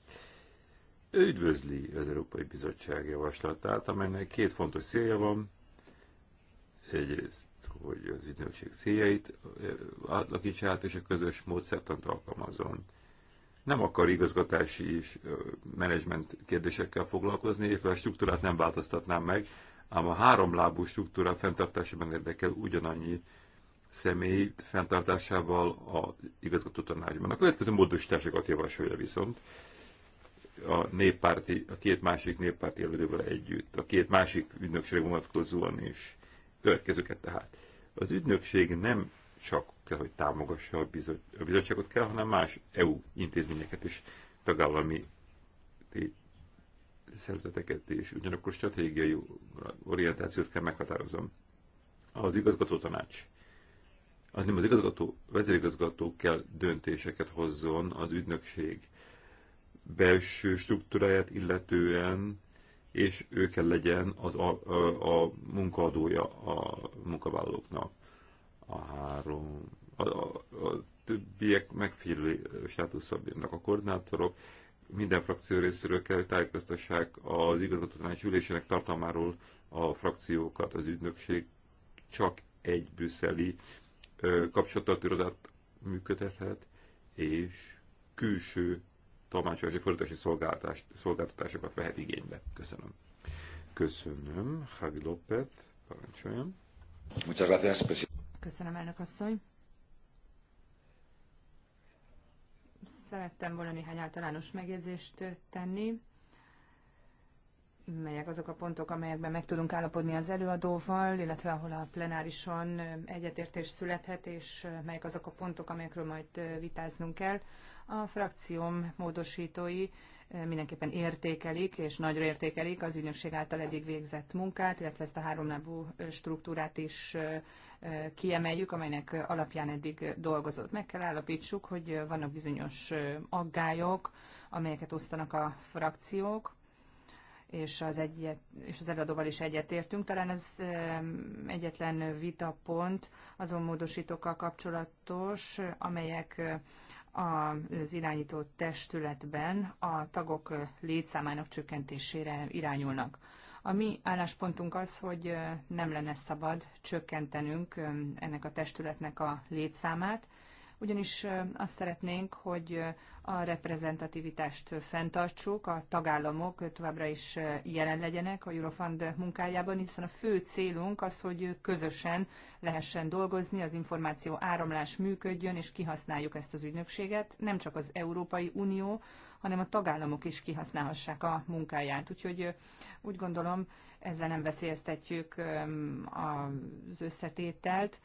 Ő üdvözli az Európai Bizottság javaslatát, amelynek két fontos célja van. Egyrészt, hogy az ügynökség céljait átlakítsát és a közös módszertant alkalmazon nem akar igazgatási és menedzsment kérdésekkel foglalkozni, éppen a struktúrát nem változtatnám meg, ám a háromlábú struktúra fenntartásában érdekel ugyanannyi személy fenntartásával a igazgató tanácsban. A következő módosításokat javasolja viszont a néppárti, a két másik néppárti előadóval együtt, a két másik ügynökség vonatkozóan is. Következőket tehát. Az ügynökség nem csak kell, hogy támogassa a, bizot, a bizottságot kell, hanem más EU intézményeket és tagállami szerzeteket és Ugyanakkor stratégiai orientációt kell meghatározom. Az igazgató tanács. Az nem az igazgató, vezérigazgató kell döntéseket hozzon az ügynökség belső struktúráját illetően, és ő kell legyen az a, a, a munkaadója a munkavállalóknak a három, a, a, a többiek megfigyelő státuszra a koordinátorok, minden frakció részéről kell, tájékoztassák az igazgatótanács ülésének tartalmáról a frakciókat. Az ügynökség csak egy brüsszeli kapcsolatirodát működhet, és külső tolmácsolási fordítási szolgáltatásokat vehet igénybe. Köszönöm. Köszönöm. Javi López, parancsoljon. Muchas gracias, presidente. Köszönöm, elnök asszony. Szerettem volna néhány általános megjegyzést tenni, melyek azok a pontok, amelyekben meg tudunk állapodni az előadóval, illetve ahol a plenárison egyetértés születhet, és melyek azok a pontok, amelyekről majd vitáznunk kell. A frakcióm módosítói mindenképpen értékelik, és nagyra értékelik az ügynökség által eddig végzett munkát, illetve ezt a háromlábú struktúrát is kiemeljük, amelynek alapján eddig dolgozott. Meg kell állapítsuk, hogy vannak bizonyos aggályok, amelyeket osztanak a frakciók, és az, egyet, és az eladóval is egyetértünk. Talán ez egyetlen vitapont azon módosítókkal kapcsolatos, amelyek az irányító testületben a tagok létszámának csökkentésére irányulnak. A mi álláspontunk az, hogy nem lenne szabad csökkentenünk ennek a testületnek a létszámát, ugyanis azt szeretnénk, hogy a reprezentativitást fenntartsuk, a tagállamok továbbra is jelen legyenek a Eurofund munkájában, hiszen a fő célunk az, hogy közösen lehessen dolgozni, az információ áramlás működjön, és kihasználjuk ezt az ügynökséget, nem csak az Európai Unió, hanem a tagállamok is kihasználhassák a munkáját. Úgyhogy úgy gondolom, ezzel nem veszélyeztetjük az összetételt,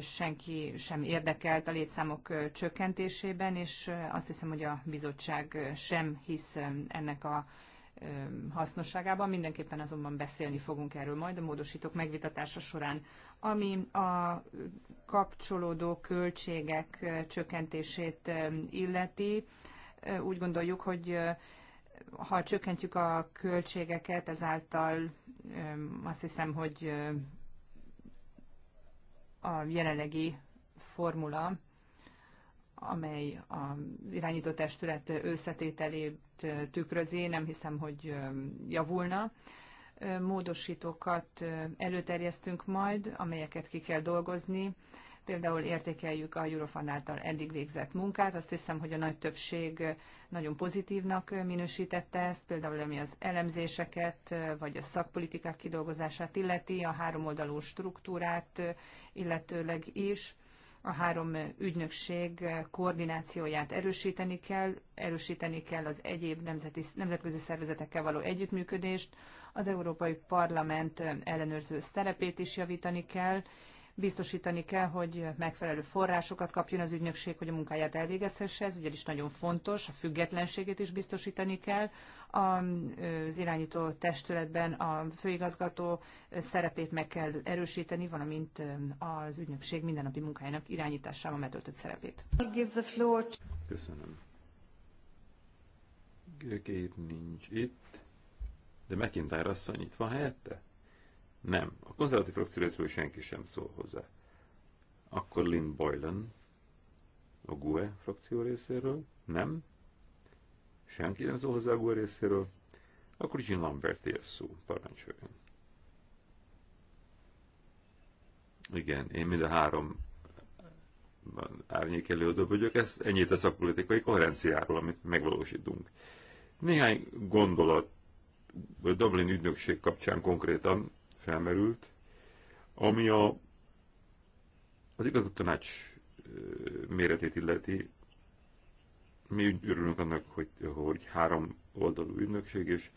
senki sem érdekelt a létszámok csökkentésében, és azt hiszem, hogy a bizottság sem hisz ennek a hasznosságában. Mindenképpen azonban beszélni fogunk erről majd a módosítók megvitatása során. Ami a kapcsolódó költségek csökkentését illeti, úgy gondoljuk, hogy ha csökkentjük a költségeket, ezáltal azt hiszem, hogy a jelenlegi formula, amely az irányító testület összetételét tükrözi, nem hiszem, hogy javulna. Módosítókat előterjesztünk majd, amelyeket ki kell dolgozni Például értékeljük a Eurofund által eddig végzett munkát. Azt hiszem, hogy a nagy többség nagyon pozitívnak minősítette ezt, például ami az elemzéseket, vagy a szakpolitikák kidolgozását illeti, a háromoldalú struktúrát illetőleg is a három ügynökség koordinációját erősíteni kell, erősíteni kell az egyéb nemzeti, nemzetközi szervezetekkel való együttműködést, az Európai Parlament ellenőrző szerepét is javítani kell, Biztosítani kell, hogy megfelelő forrásokat kapjon az ügynökség, hogy a munkáját elvégezhesse, ez ugyanis nagyon fontos, a függetlenségét is biztosítani kell. Az irányító testületben a főigazgató szerepét meg kell erősíteni, valamint az ügynökség mindennapi munkájának irányításával betöltött szerepét. Köszönöm. Gökét nincs itt, de McIntyre asszony itt van helyette? Nem. A konzervatív frakció részéről senki sem szól hozzá. Akkor Lynn Boylan a GUE frakció részéről? Nem. Senki nem szól hozzá a GUE részéről? Akkor Jean Lambert ér szó, parancsoljon. Igen, én mind a három eh, árnyék előadó vagyok, ez ennyit a szakpolitikai koherenciáról, amit megvalósítunk. Néhány gondolat a Dublin ügynökség kapcsán konkrétan felmerült, ami a, az igazgató tanács méretét illeti. Mi örülünk annak, hogy, hogy három oldalú ügynökség és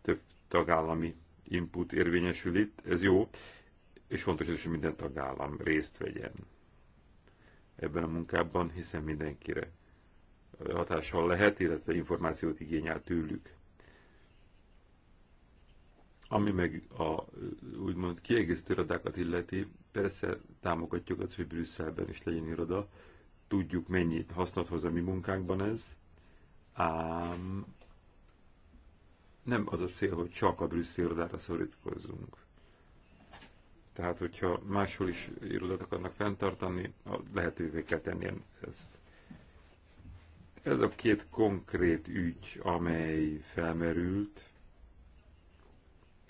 több tagállami input érvényesül itt, ez jó, és fontos, hogy minden tagállam részt vegyen ebben a munkában, hiszen mindenkire hatással lehet, illetve információt igényel tőlük. Ami meg a úgymond kiegészítő irodákat illeti, persze támogatjuk azt, hogy Brüsszelben is legyen iroda, tudjuk mennyit hasznot hoz a mi munkánkban ez, ám nem az a cél, hogy csak a Brüsszel irodára szorítkozzunk. Tehát, hogyha máshol is irodát akarnak fenntartani, lehetővé kell tenni ezt. Ez a két konkrét ügy, amely felmerült,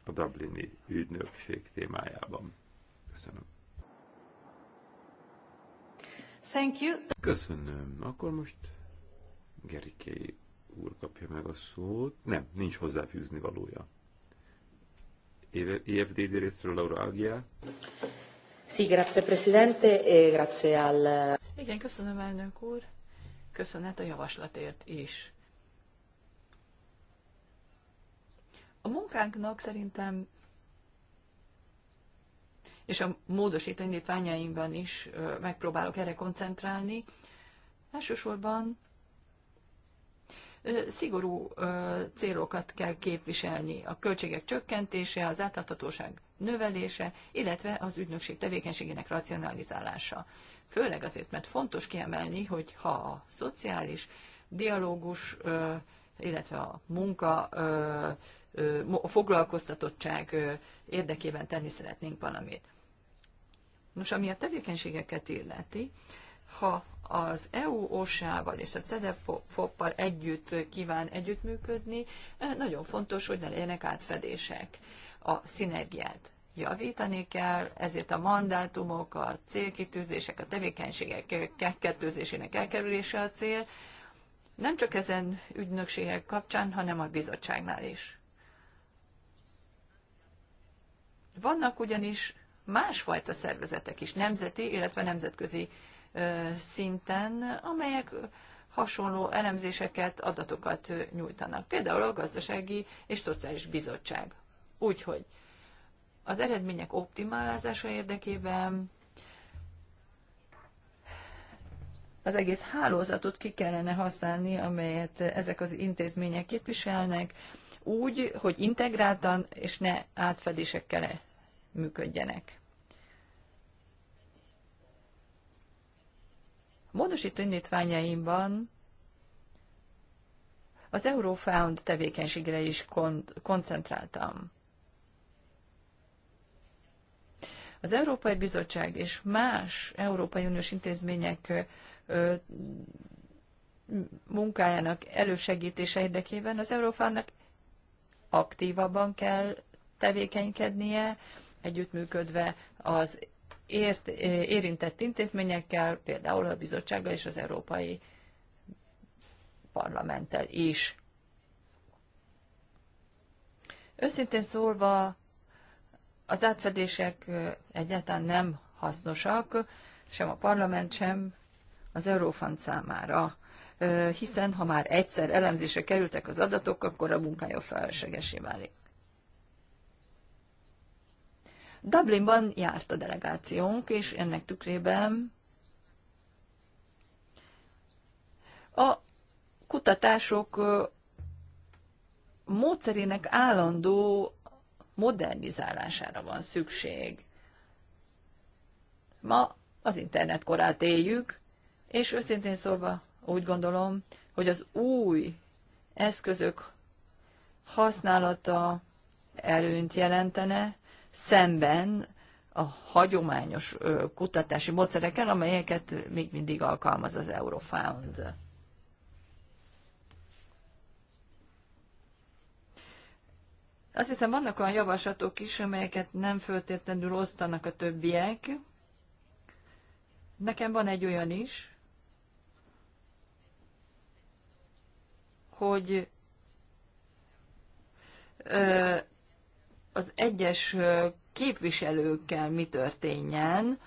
a Dublini ügynökség témájában. Köszönöm. Thank you. Köszönöm. Akkor most Gerikei úr kapja meg a szót. Nem, nincs hozzáfűzni valója. EFDD e részről Laura Agia. Sí, grazie Presidente, e grazie al... Igen, köszönöm elnök úr. Köszönet a javaslatért is. A munkánknak szerintem, és a módosító indítványaimban is megpróbálok erre koncentrálni, elsősorban szigorú célokat kell képviselni. A költségek csökkentése, az átláthatóság növelése, illetve az ügynökség tevékenységének racionalizálása. Főleg azért, mert fontos kiemelni, hogy ha a szociális dialógus, illetve a munka a foglalkoztatottság érdekében tenni szeretnénk valamit. Nos, ami a tevékenységeket illeti, ha az EU OSA-val és a CEDEFOP-pal együtt kíván együttműködni, nagyon fontos, hogy ne legyenek átfedések. A szinergiát javítani kell, ezért a mandátumok, a célkitűzések, a tevékenységek kettőzésének elkerülése a cél, nem csak ezen ügynökségek kapcsán, hanem a bizottságnál is. Vannak ugyanis másfajta szervezetek is, nemzeti, illetve nemzetközi szinten, amelyek hasonló elemzéseket, adatokat nyújtanak. Például a Gazdasági és Szociális Bizottság. Úgyhogy az eredmények optimálázása érdekében az egész hálózatot ki kellene használni, amelyet ezek az intézmények képviselnek, úgy, hogy integráltan és ne átfedésekkel működjenek. A módosító indítványaimban az Eurofound tevékenységre is kon- koncentráltam. Az Európai Bizottság és más Európai Uniós intézmények ö, munkájának elősegítése érdekében az Európának aktívabban kell tevékenykednie, együttműködve az ért, érintett intézményekkel, például a bizottsággal és az Európai Parlamenttel is. Őszintén szólva, az átfedések egyáltalán nem hasznosak, sem a parlament, sem az Eurofund számára, hiszen ha már egyszer elemzésre kerültek az adatok, akkor a munkája felsegesé válik. Dublinban járt a delegációnk, és ennek tükrében a kutatások módszerének állandó modernizálására van szükség. Ma az internet korát éljük, és őszintén szólva úgy gondolom, hogy az új eszközök használata előnyt jelentene, szemben a hagyományos kutatási módszerekkel, amelyeket még mindig alkalmaz az Eurofound. Azt hiszem, vannak olyan javaslatok is, amelyeket nem föltétlenül osztanak a többiek. Nekem van egy olyan is, hogy ö, az egyes képviselőkkel mi történjen.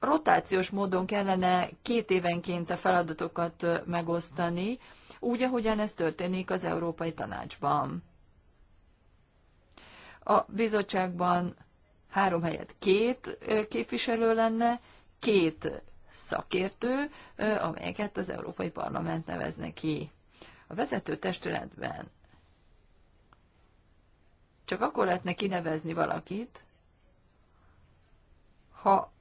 Rotációs módon kellene két évenként a feladatokat megosztani, úgy, ahogyan ez történik az Európai Tanácsban. A bizottságban három helyet két képviselő lenne, két szakértő, amelyeket az Európai Parlament nevezne ki. A vezető testületben csak akkor lehetne kinevezni valakit, ha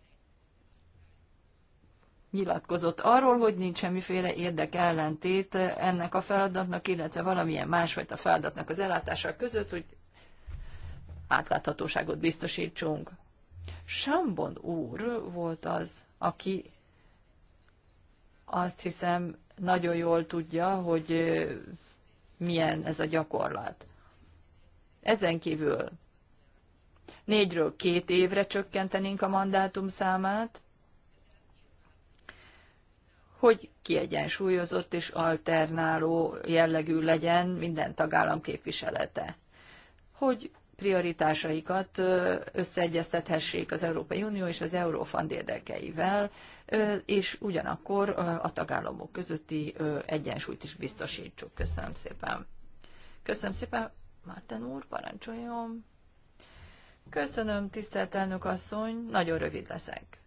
nyilatkozott arról, hogy nincs semmiféle ellentét ennek a feladatnak, illetve valamilyen másfajta feladatnak az ellátása között, hogy átláthatóságot biztosítsunk. Sambon úr volt az, aki azt hiszem nagyon jól tudja, hogy milyen ez a gyakorlat. Ezen kívül négyről két évre csökkentenénk a mandátum számát, hogy kiegyensúlyozott és alternáló jellegű legyen minden tagállam képviselete. Hogy prioritásaikat összeegyeztethessék az Európai Unió és az Eurofund érdekeivel, és ugyanakkor a tagállamok közötti egyensúlyt is biztosítsuk. Köszönöm szépen. Köszönöm szépen. Márten úr, parancsoljon. Köszönöm, tisztelt elnök asszony, nagyon rövid leszek.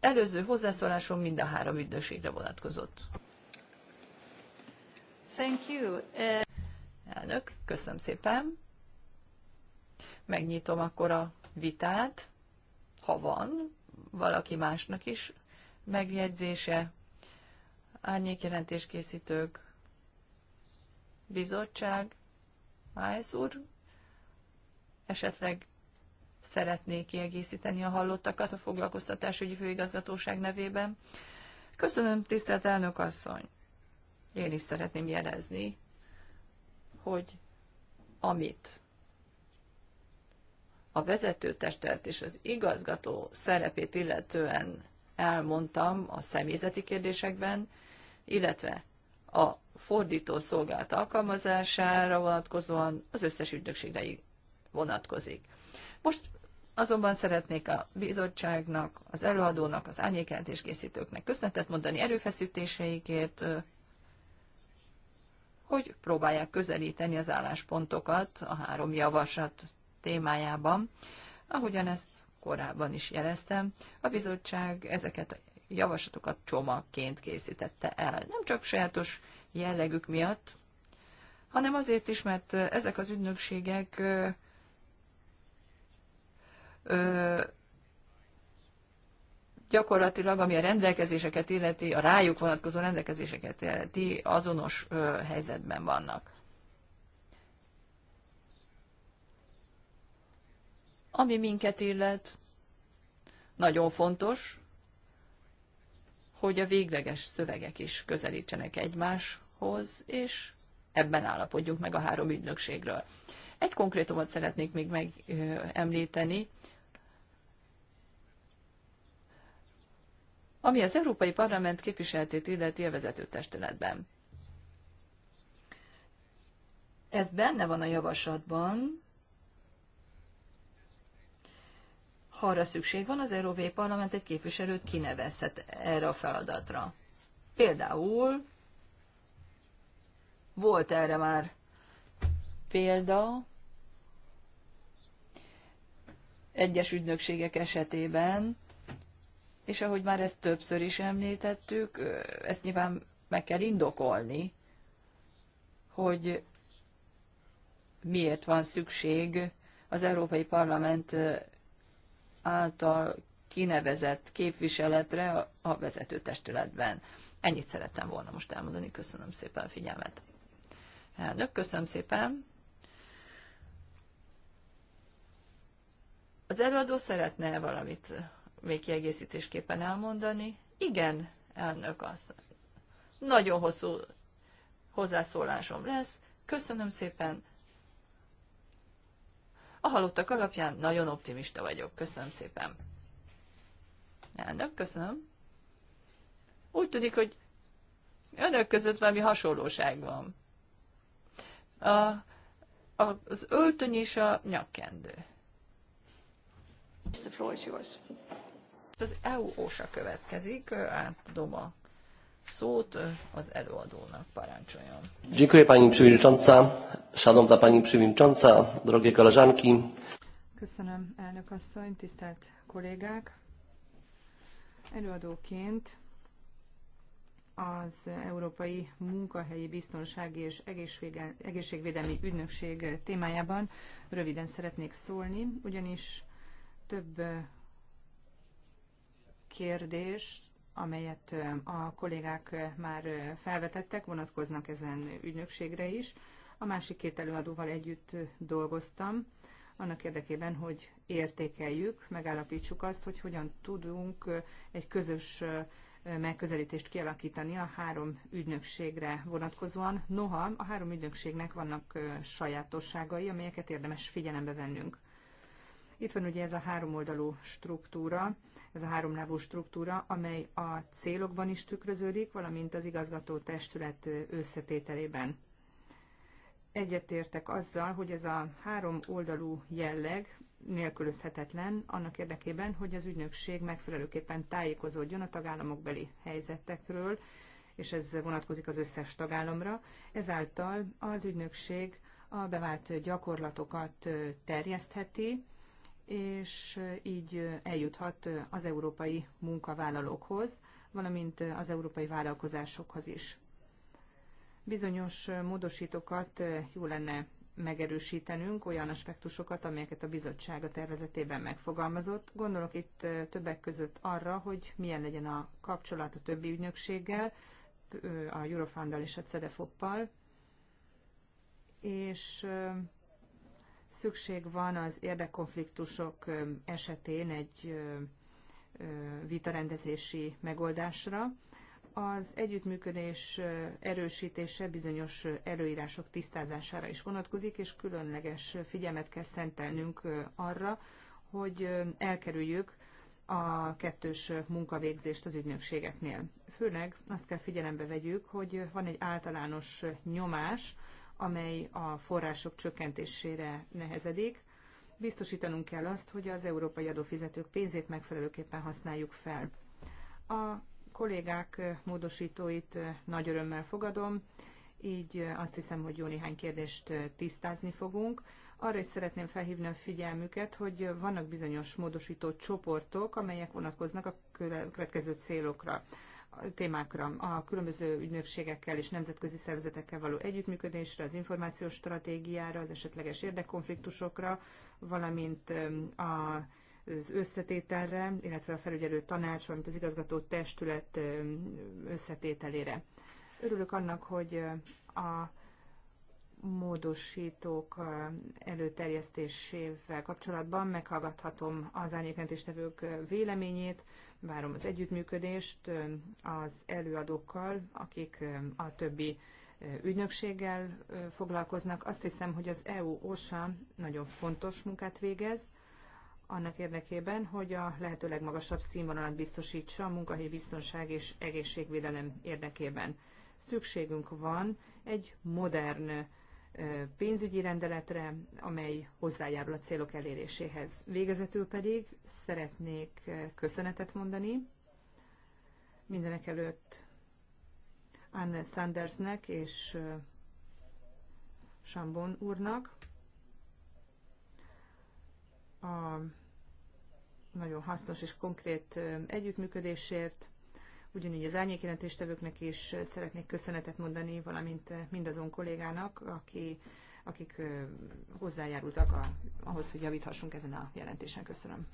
Előző hozzászólásom mind a három ügynökségre vonatkozott. Thank you. Eh, elnök, köszönöm szépen. Megnyitom akkor a vitát, ha van valaki másnak is megjegyzése, készítők bizottság, Miles úr esetleg szeretné kiegészíteni a hallottakat a foglalkoztatásügyi főigazgatóság nevében. Köszönöm, tisztelt elnök asszony! Én is szeretném jelezni, hogy amit a vezetőtestet és az igazgató szerepét illetően elmondtam a személyzeti kérdésekben, illetve a fordító szolgált alkalmazására vonatkozóan az összes ügynökségre vonatkozik. Most azonban szeretnék a bizottságnak, az előadónak, az árnyékjelentés készítőknek köszönetet mondani erőfeszítéseikért, hogy próbálják közelíteni az álláspontokat a három javaslat témájában. Ahogyan ezt korábban is jeleztem, a bizottság ezeket javaslatokat csomagként készítette el. Nem csak sajátos jellegük miatt, hanem azért is, mert ezek az ügynökségek ö, ö, gyakorlatilag, ami a rendelkezéseket illeti, a rájuk vonatkozó rendelkezéseket illeti, azonos ö, helyzetben vannak. Ami minket illet, nagyon fontos, hogy a végleges szövegek is közelítsenek egymáshoz, és ebben állapodjunk meg a három ügynökségről. Egy konkrétumot szeretnék még megemlíteni, ami az Európai Parlament képviseltét illeti a vezető Ez benne van a javaslatban, ha arra szükség van, az Európai Parlament egy képviselőt kinevezhet erre a feladatra. Például volt erre már példa egyes ügynökségek esetében, és ahogy már ezt többször is említettük, ezt nyilván meg kell indokolni, hogy miért van szükség az Európai Parlament által kinevezett képviseletre a vezetőtestületben. Ennyit szerettem volna most elmondani. Köszönöm szépen a figyelmet. Elnök, köszönöm szépen. Az előadó szeretne valamit még kiegészítésképpen elmondani? Igen, elnök az Nagyon hosszú hozzászólásom lesz. Köszönöm szépen Halottak alapján nagyon optimista vagyok. Köszönöm szépen. Elnök, köszönöm. Úgy tűnik, hogy önök között valami hasonlóság van. A, a, az öltöny és a nyakkendő. The floor is yours. Az EU ósa következik, átadom a szót az előadónak, parancsoljon. Dziękuję pani przewodnicząca. Szanowna Pani Przewodnicząca, drogie koleżanki. Köszönöm, elnök asszony, tisztelt kollégák. Előadóként az Európai Munkahelyi Biztonsági és Egészségvédelmi Ügynökség témájában röviden szeretnék szólni, ugyanis több kérdés, amelyet a kollégák már felvetettek, vonatkoznak ezen ügynökségre is. A másik két előadóval együtt dolgoztam, annak érdekében, hogy értékeljük, megállapítsuk azt, hogy hogyan tudunk egy közös megközelítést kialakítani a három ügynökségre vonatkozóan. Noha a három ügynökségnek vannak sajátosságai, amelyeket érdemes figyelembe vennünk. Itt van ugye ez a háromoldalú struktúra, ez a háromlábú struktúra, amely a célokban is tükröződik, valamint az igazgató testület összetételében egyetértek azzal, hogy ez a három oldalú jelleg nélkülözhetetlen annak érdekében, hogy az ügynökség megfelelőképpen tájékozódjon a tagállamok beli helyzetekről, és ez vonatkozik az összes tagállamra. Ezáltal az ügynökség a bevált gyakorlatokat terjesztheti, és így eljuthat az európai munkavállalókhoz, valamint az európai vállalkozásokhoz is. Bizonyos módosítókat jó lenne megerősítenünk, olyan aspektusokat, amelyeket a bizottság a tervezetében megfogalmazott. Gondolok itt többek között arra, hogy milyen legyen a kapcsolat a többi ügynökséggel, a Eurofunddal és a CEDEFOP-pal, és szükség van az érdekkonfliktusok esetén egy vitarendezési megoldásra, az együttműködés erősítése bizonyos előírások tisztázására is vonatkozik, és különleges figyelmet kell szentelnünk arra, hogy elkerüljük a kettős munkavégzést az ügynökségeknél. Főleg azt kell figyelembe vegyük, hogy van egy általános nyomás, amely a források csökkentésére nehezedik. Biztosítanunk kell azt, hogy az európai adófizetők pénzét megfelelőképpen használjuk fel. A kollégák módosítóit nagy örömmel fogadom, így azt hiszem, hogy jó néhány kérdést tisztázni fogunk. Arra is szeretném felhívni a figyelmüket, hogy vannak bizonyos módosító csoportok, amelyek vonatkoznak a következő célokra témákra, a különböző ügynökségekkel és nemzetközi szervezetekkel való együttműködésre, az információs stratégiára, az esetleges érdekkonfliktusokra, valamint a az összetételre, illetve a felügyelő tanács, valamint az igazgató testület összetételére. Örülök annak, hogy a módosítók előterjesztésével kapcsolatban meghallgathatom az árnyékentéstevők véleményét, várom az együttműködést az előadókkal, akik a többi ügynökséggel foglalkoznak. Azt hiszem, hogy az EU OSA nagyon fontos munkát végez, annak érdekében, hogy a lehető legmagasabb színvonalat biztosítsa a munkahelyi biztonság és egészségvédelem érdekében. Szükségünk van egy modern pénzügyi rendeletre, amely hozzájárul a célok eléréséhez. Végezetül pedig szeretnék köszönetet mondani mindenek előtt Anne Sandersnek és Sambon úrnak a nagyon hasznos és konkrét együttműködésért. Ugyanígy az árnyékjelentéstevőknek is szeretnék köszönetet mondani, valamint mindazon kollégának, aki, akik hozzájárultak a, ahhoz, hogy javíthassunk ezen a jelentésen. Köszönöm.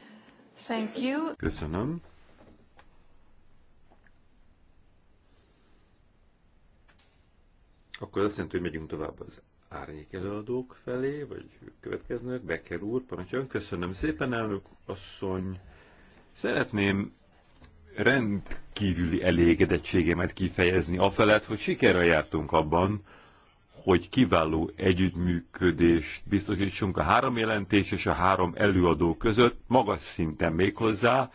Thank you. Köszönöm. Akkor azt jelenti, hogy megyünk tovább az árnyék előadók felé, vagy következnek. Becker úr, parancsoljon. Köszönöm szépen, elnök asszony. Szeretném rendkívüli elégedettségemet kifejezni afelett, hogy sikerre jártunk abban, hogy kiváló együttműködést biztosítsunk a három jelentés és a három előadó között, magas szinten méghozzá,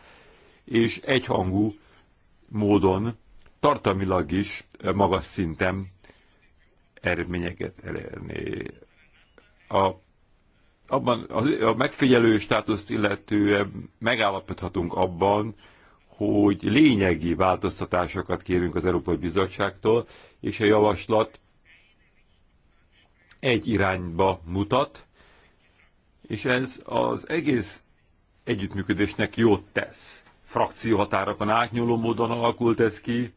és egyhangú módon, tartalmilag is magas szinten eredményeket elérni. A, abban az a megfigyelő státuszt illetően megállapodhatunk abban, hogy lényegi változtatásokat kérünk az Európai Bizottságtól, és a javaslat egy irányba mutat, és ez az egész együttműködésnek jót tesz. Frakcióhatárokon átnyúló módon alakult ez ki,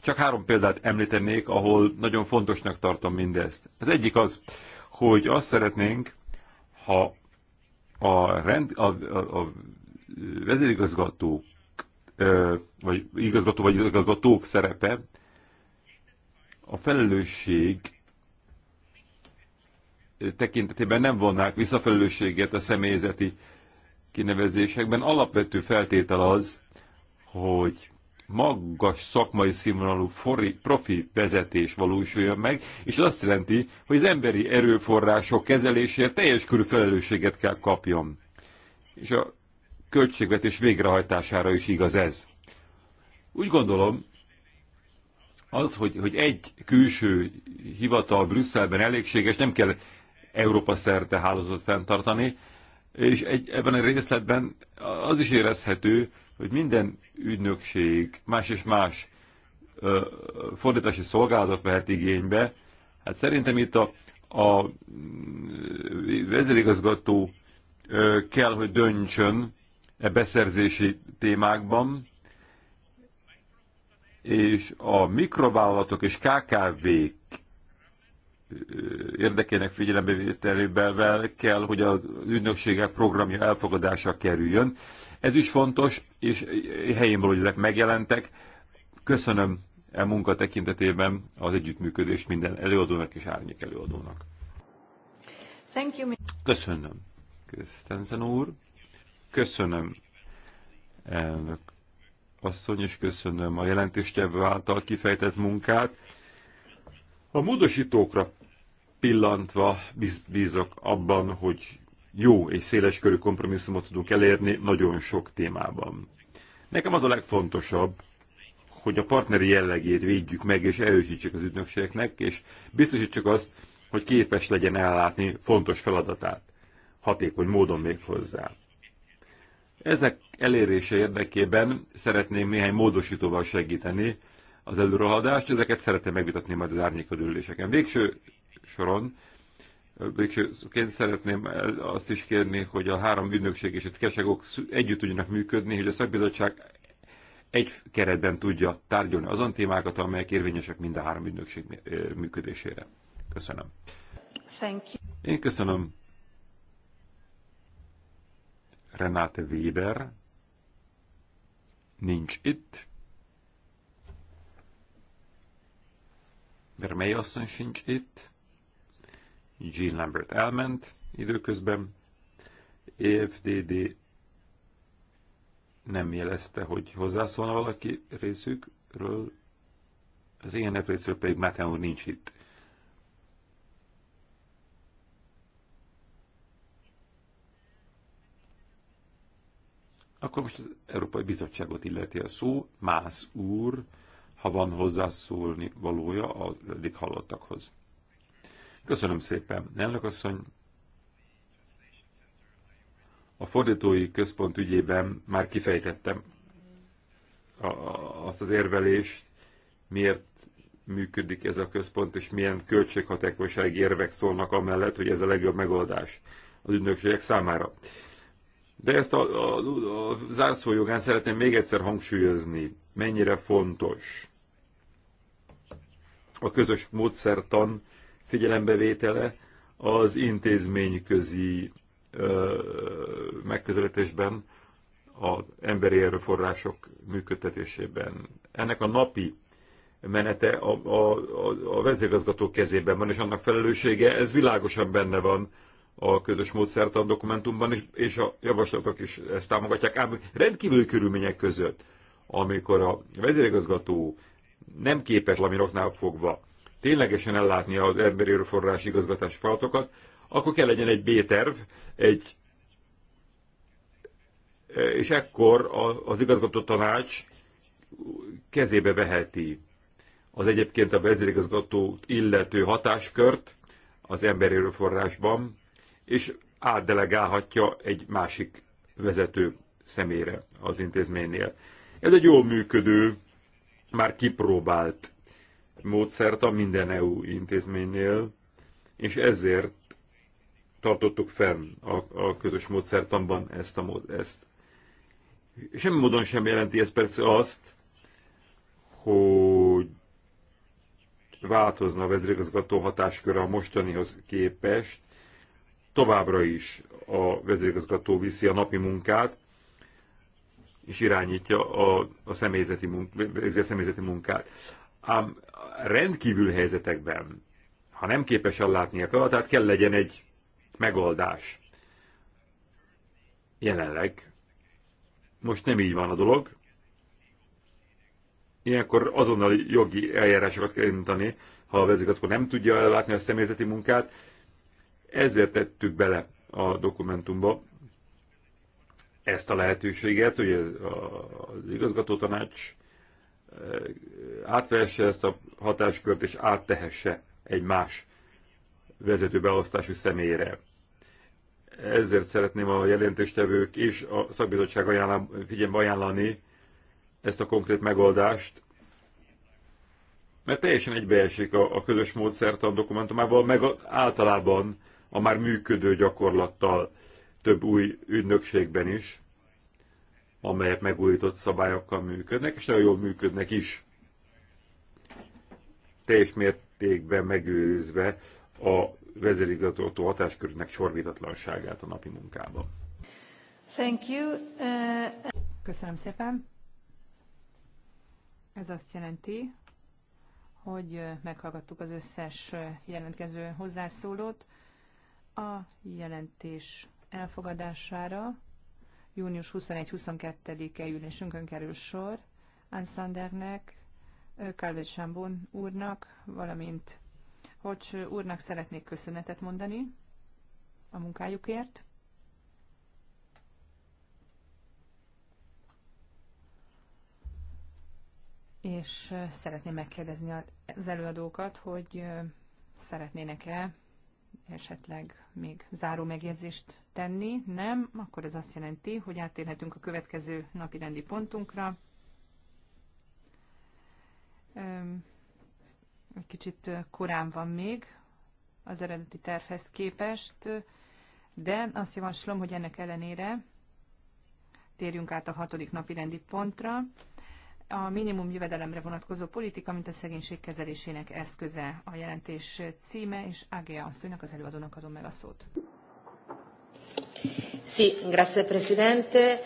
csak három példát említenék, ahol nagyon fontosnak tartom mindezt. Az egyik az, hogy azt szeretnénk, ha a, rend, a, a, a vezérigazgatók, vagy igazgató vagy igazgatók szerepe, a felelősség tekintetében nem vonnák visszafelelősséget a személyzeti kinevezésekben. Alapvető feltétel az, hogy magas szakmai színvonalú fori profi vezetés valósuljon meg, és azt jelenti, hogy az emberi erőforrások kezelésére teljes körű felelősséget kell kapjon. És a költségvetés végrehajtására is igaz ez. Úgy gondolom, az, hogy, hogy egy külső hivatal Brüsszelben elégséges, nem kell Európa szerte hálózatot fenntartani, és egy, ebben a részletben az is érezhető, hogy minden ügynökség más és más ö, fordítási szolgálatot vehet igénybe. Hát szerintem itt a, a vezérigazgató ö, kell, hogy döntsön e beszerzési témákban, és a mikrovállalatok és KKV-k érdekének figyelembevételével kell, hogy az ügynökségek programja elfogadása kerüljön. Ez is fontos, és helyén való, hogy ezek megjelentek. Köszönöm e munka tekintetében az együttműködést minden előadónak és árnyék előadónak. Thank you. Köszönöm. Köszönöm úr. Köszönöm elnök asszony, és köszönöm a jelentéstevő által kifejtett munkát. A módosítókra pillantva bízok abban, hogy jó és széles körű kompromisszumot tudunk elérni nagyon sok témában. Nekem az a legfontosabb, hogy a partneri jellegét védjük meg, és erősítsük az ügynökségeknek, és biztosítsuk azt, hogy képes legyen ellátni fontos feladatát, hatékony módon még hozzá. Ezek elérése érdekében szeretném néhány módosítóval segíteni, az előrehaladást, ezeket szeretném megvitatni majd az árnyékodüléseken. Végső soron, végsőként szeretném azt is kérni, hogy a három ügynökség és a titkárságok együtt tudjanak működni, hogy a szakbizottság egy keretben tudja tárgyalni azon témákat, amelyek érvényesek mind a három ügynökség működésére. Köszönöm. Thank you. Én köszönöm. Renate Weber nincs itt. mely asszony sincs itt. Jean Lambert elment időközben. EFDD nem jelezte, hogy hozzászólna valaki részükről. Az ENF részről pedig Matthew nincs itt. Akkor most az Európai Bizottságot illeti a szó. Mász úr, ha van hozzászólni valója az eddig hallottakhoz. Köszönöm szépen. Elnök asszony, a fordítói központ ügyében már kifejtettem azt az érvelést, miért működik ez a központ, és milyen költséghatékonysági érvek szólnak amellett, hogy ez a legjobb megoldás az ügynökségek számára. De ezt a, a, a, zárszójogán szeretném még egyszer hangsúlyozni, mennyire fontos a közös módszertan figyelembevétele az intézményközi ö, megközelítésben, az emberi erőforrások működtetésében. Ennek a napi menete a, a, a, a kezében van, és annak felelőssége, ez világosan benne van a közös módszertan dokumentumban, és, és a javaslatok is ezt támogatják, ám rendkívüli körülmények között, amikor a vezérigazgató nem képes lamiroknál fogva ténylegesen ellátni az emberi erőforrás igazgatási feladatokat, akkor kell legyen egy B-terv, egy és ekkor az igazgató tanács kezébe veheti az egyébként a vezérigazgatót illető hatáskört az emberi erőforrásban, és átdelegálhatja egy másik vezető szemére az intézménynél. Ez egy jól működő, már kipróbált módszert a minden EU intézménynél, és ezért tartottuk fenn a, a közös módszertanban ezt a mód, ezt. Semmi módon sem jelenti ez persze azt, hogy változna a vezérigazgató hatásköre a mostanihoz képest, továbbra is a vezérigazgató viszi a napi munkát, és irányítja a, a, személyzeti, munk, a személyzeti munkát. Ám rendkívül helyzetekben, ha nem képes ellátni a feladatát, kell legyen egy megoldás. Jelenleg most nem így van a dolog. Ilyenkor azonnal jogi eljárásokat kell indítani, ha a vezigazgató nem tudja ellátni a személyzeti munkát, ezért tettük bele a dokumentumba ezt a lehetőséget, hogy az igazgató tanács eh, átvehesse ezt a hatáskört, és áttehesse egy más vezetőbeosztású személyre. Ezért szeretném a jelentéstevők és a szakbizottság figyelme figyelembe ajánlani ezt a konkrét megoldást, mert teljesen egybeesik a, a közös módszertan dokumentumával, meg a, általában a már működő gyakorlattal több új ügynökségben is, amelyek megújított szabályokkal működnek, és nagyon jól működnek is. Teljes mértékben megőrizve a vezérigazgató hatáskörnek sorvitatlanságát a napi munkában. Thank you. Uh... Köszönöm szépen. Ez azt jelenti, hogy uh, meghallgattuk az összes uh, jelentkező hozzászólót. A jelentés elfogadására június 21-22-e ülésünkön kerül sor. Ansandernek, Calvet Sambon úrnak, valamint hogy úrnak szeretnék köszönetet mondani a munkájukért. És szeretném megkérdezni az előadókat, hogy szeretnének-e esetleg még záró megjegyzést tenni? Nem, akkor ez azt jelenti, hogy áttérhetünk a következő napi rendi pontunkra. Egy kicsit korán van még az eredeti tervhez képest, de azt javaslom, hogy ennek ellenére térjünk át a hatodik napi rendi pontra a minimum jövedelemre vonatkozó politika, mint a szegénység kezelésének eszköze a jelentés címe, és Ágéa asszonynak, az előadónak adom meg a szót. Sí, grazie, presidente.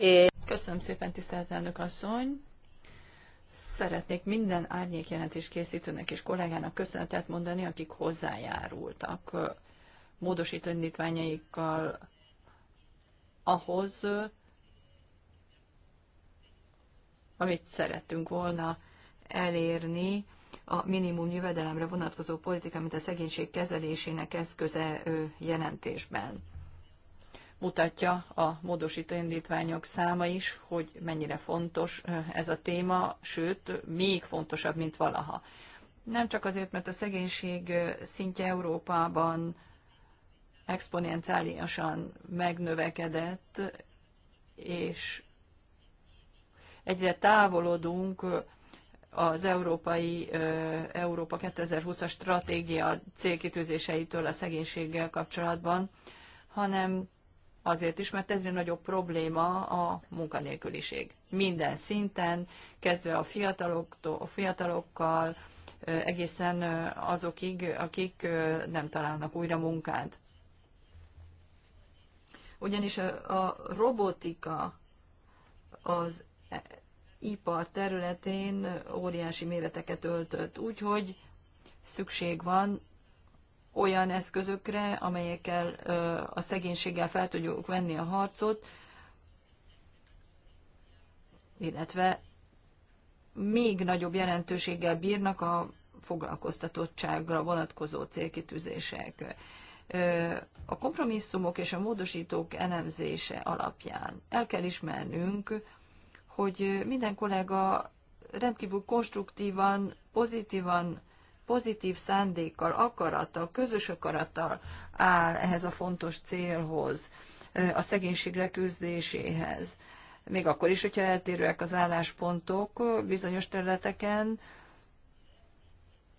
Eh, Köszönöm szépen, tisztelt elnök asszony. Szeretnék minden árnyék jelentés készítőnek és kollégának köszönetet mondani, akik hozzájárultak eh, módosító indítványaikkal ahhoz, amit szerettünk volna elérni, a minimum jövedelemre vonatkozó politika, mint a szegénység kezelésének eszköze jelentésben. Mutatja a módosító indítványok száma is, hogy mennyire fontos ez a téma, sőt, még fontosabb, mint valaha. Nem csak azért, mert a szegénység szintje Európában exponenciálisan megnövekedett, és egyre távolodunk az európai Európa 2020-as stratégia célkitűzéseitől a szegénységgel kapcsolatban, hanem azért is, mert egyre nagyobb probléma a munkanélküliség. Minden szinten, kezdve a, fiataloktól, a fiatalokkal, egészen azokig, akik nem találnak újra munkát. Ugyanis a robotika az ipar területén óriási méreteket öltött. Úgyhogy szükség van olyan eszközökre, amelyekkel a szegénységgel fel tudjuk venni a harcot, illetve még nagyobb jelentőséggel bírnak a foglalkoztatottságra vonatkozó célkitűzések. A kompromisszumok és a módosítók elemzése alapján el kell ismernünk, hogy minden kollega rendkívül konstruktívan, pozitívan, pozitív szándékkal, akarattal, közös akarattal áll ehhez a fontos célhoz, a szegénység leküzdéséhez. Még akkor is, hogyha eltérőek az álláspontok bizonyos területeken,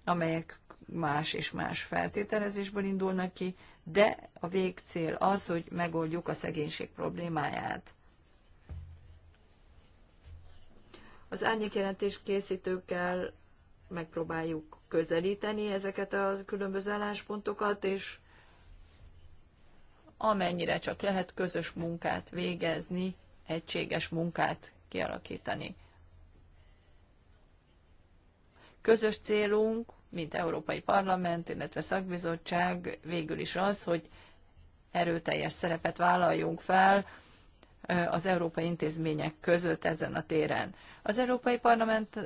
amelyek más és más feltételezésből indulnak ki, de a végcél az, hogy megoldjuk a szegénység problémáját. Az árnyékjelentés készítőkkel megpróbáljuk közelíteni ezeket a különböző álláspontokat, és amennyire csak lehet közös munkát végezni, egységes munkát kialakítani. Közös célunk, mint Európai Parlament, illetve szakbizottság végül is az, hogy erőteljes szerepet vállaljunk fel az európai intézmények között ezen a téren. Az Európai Parlament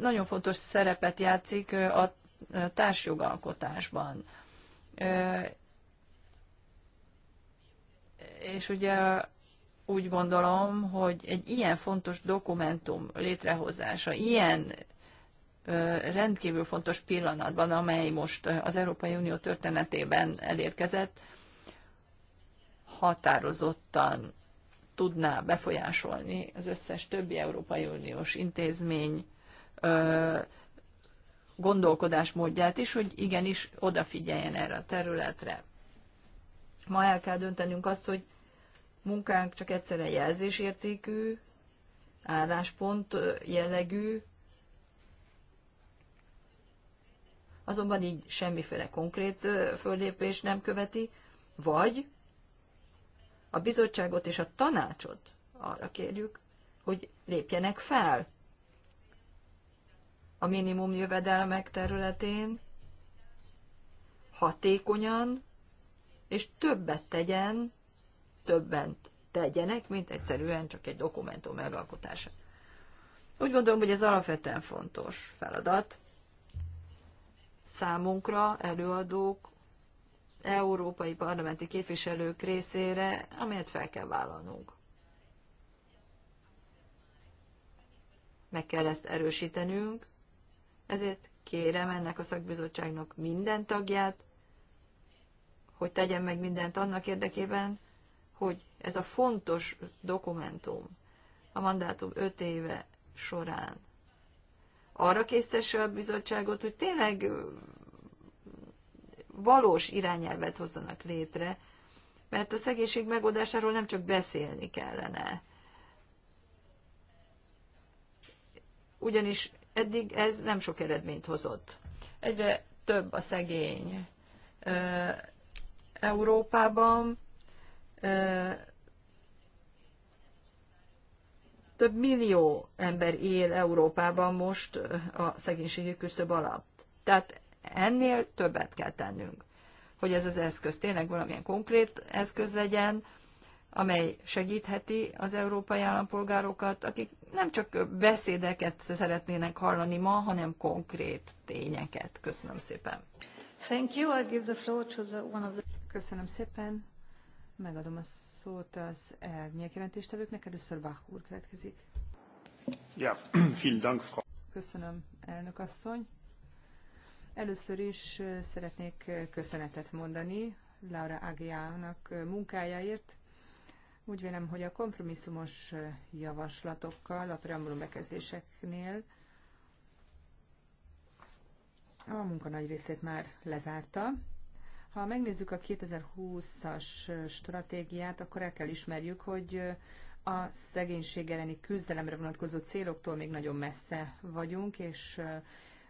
nagyon fontos szerepet játszik a társjogalkotásban. És ugye úgy gondolom, hogy egy ilyen fontos dokumentum létrehozása, ilyen rendkívül fontos pillanatban, amely most az Európai Unió történetében elérkezett, határozottan tudná befolyásolni az összes többi Európai Uniós intézmény gondolkodásmódját is, hogy igenis odafigyeljen erre a területre. Ma el kell döntenünk azt, hogy munkánk csak egyszerűen jelzésértékű, álláspont jellegű, azonban így semmiféle konkrét föllépés nem követi, vagy a bizottságot és a tanácsot arra kérjük, hogy lépjenek fel a minimum jövedelmek területén, hatékonyan, és többet tegyen, többen tegyenek, mint egyszerűen csak egy dokumentum megalkotása. Úgy gondolom, hogy ez alapvetően fontos feladat számunkra, előadók, európai parlamenti képviselők részére, amelyet fel kell vállalnunk. Meg kell ezt erősítenünk, ezért kérem ennek a szakbizottságnak minden tagját, hogy tegyen meg mindent annak érdekében, hogy ez a fontos dokumentum a mandátum öt éve során arra késztesse a bizottságot, hogy tényleg valós irányelvet hozzanak létre, mert a szegénység megoldásáról nem csak beszélni kellene. Ugyanis eddig ez nem sok eredményt hozott. Egyre több a szegény Európában, több millió ember él Európában most a szegénységi küszöb alatt. Tehát ennél többet kell tennünk, hogy ez az eszköz tényleg valamilyen konkrét eszköz legyen, amely segítheti az európai állampolgárokat, akik nem csak beszédeket szeretnének hallani ma, hanem konkrét tényeket. Köszönöm szépen. Thank you. I give the floor to the one of the... Köszönöm szépen. Megadom a szót az elnyek jelentéstevőknek. Először Bach úr következik. Ja, vielen Dank, Frau. Köszönöm, elnök asszony. Először is szeretnék köszönetet mondani Laura Agiának munkájáért. Úgy vélem, hogy a kompromisszumos javaslatokkal a preambulum bekezdéseknél a munka nagy részét már lezárta. Ha megnézzük a 2020-as stratégiát, akkor el kell ismerjük, hogy a szegénység elleni küzdelemre vonatkozó céloktól még nagyon messze vagyunk, és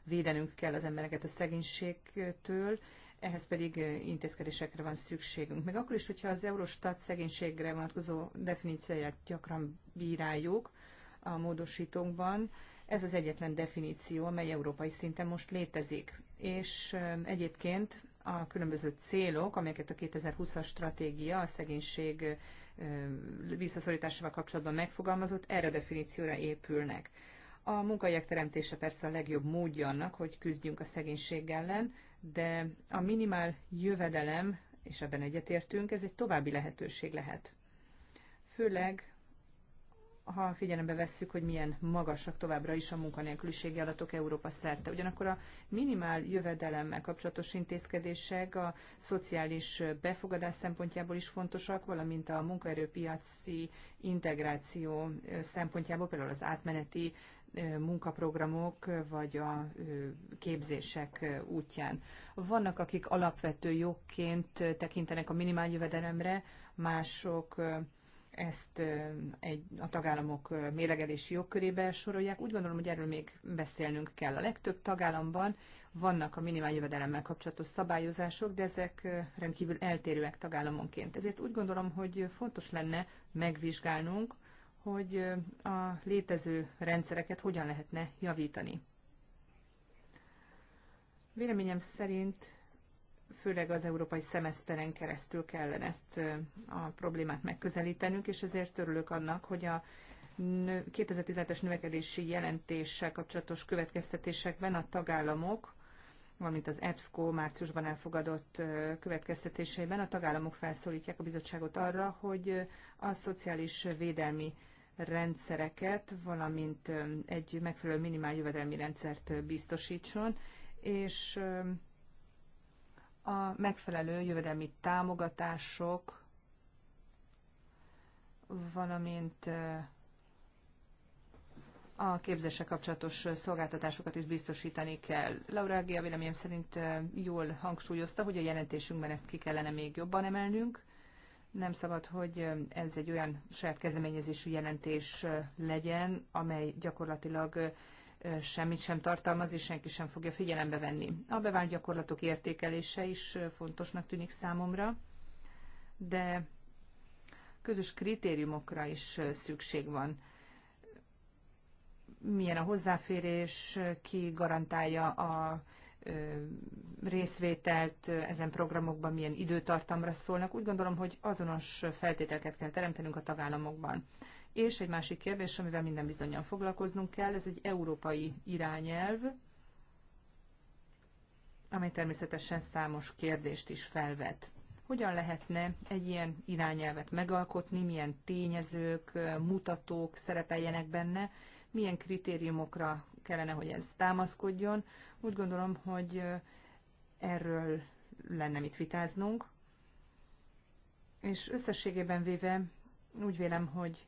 védenünk kell az embereket a szegénységtől, ehhez pedig intézkedésekre van szükségünk. Meg akkor is, hogyha az Eurostat szegénységre vonatkozó definícióját gyakran bíráljuk a módosítókban, ez az egyetlen definíció, amely európai szinten most létezik. És um, egyébként a különböző célok, amelyeket a 2020-as stratégia a szegénység um, visszaszorításával kapcsolatban megfogalmazott, erre a definícióra épülnek. A munkahelyek teremtése persze a legjobb módja annak, hogy küzdjünk a szegénység ellen, de a minimál jövedelem, és ebben egyetértünk, ez egy további lehetőség lehet. Főleg, ha figyelembe vesszük, hogy milyen magasak továbbra is a munkanélküliségi adatok Európa szerte. Ugyanakkor a minimál jövedelemmel kapcsolatos intézkedések a szociális befogadás szempontjából is fontosak, valamint a munkaerőpiaci integráció szempontjából, például az átmeneti munkaprogramok vagy a képzések útján. Vannak, akik alapvető jogként tekintenek a jövedelemre, mások ezt egy, a tagállamok mélegelési jogkörébe sorolják. Úgy gondolom, hogy erről még beszélnünk kell. A legtöbb tagállamban vannak a minimáljövedelemmel kapcsolatos szabályozások, de ezek rendkívül eltérőek tagállamonként. Ezért úgy gondolom, hogy fontos lenne megvizsgálnunk, hogy a létező rendszereket hogyan lehetne javítani. Véleményem szerint főleg az európai szemeszteren keresztül kellene ezt a problémát megközelítenünk, és ezért örülök annak, hogy a 2017-es növekedési jelentéssel kapcsolatos következtetésekben a tagállamok, valamint az EBSCO márciusban elfogadott következtetéseiben a tagállamok felszólítják a bizottságot arra, hogy a szociális védelmi rendszereket, valamint egy megfelelő minimál jövedelmi rendszert biztosítson, és a megfelelő jövedelmi támogatások, valamint a képzése kapcsolatos szolgáltatásokat is biztosítani kell. Laura Gia véleményem szerint jól hangsúlyozta, hogy a jelentésünkben ezt ki kellene még jobban emelnünk, nem szabad, hogy ez egy olyan saját kezdeményezésű jelentés legyen, amely gyakorlatilag semmit sem tartalmaz, és senki sem fogja figyelembe venni. A bevált gyakorlatok értékelése is fontosnak tűnik számomra, de közös kritériumokra is szükség van. Milyen a hozzáférés, ki garantálja a részvételt ezen programokban milyen időtartamra szólnak. Úgy gondolom, hogy azonos feltételeket kell teremtenünk a tagállamokban. És egy másik kérdés, amivel minden bizonyan foglalkoznunk kell, ez egy európai irányelv, amely természetesen számos kérdést is felvet. Hogyan lehetne egy ilyen irányelvet megalkotni, milyen tényezők, mutatók szerepeljenek benne, milyen kritériumokra kellene, hogy ez támaszkodjon. Úgy gondolom, hogy erről lenne mit vitáznunk. És összességében véve úgy vélem, hogy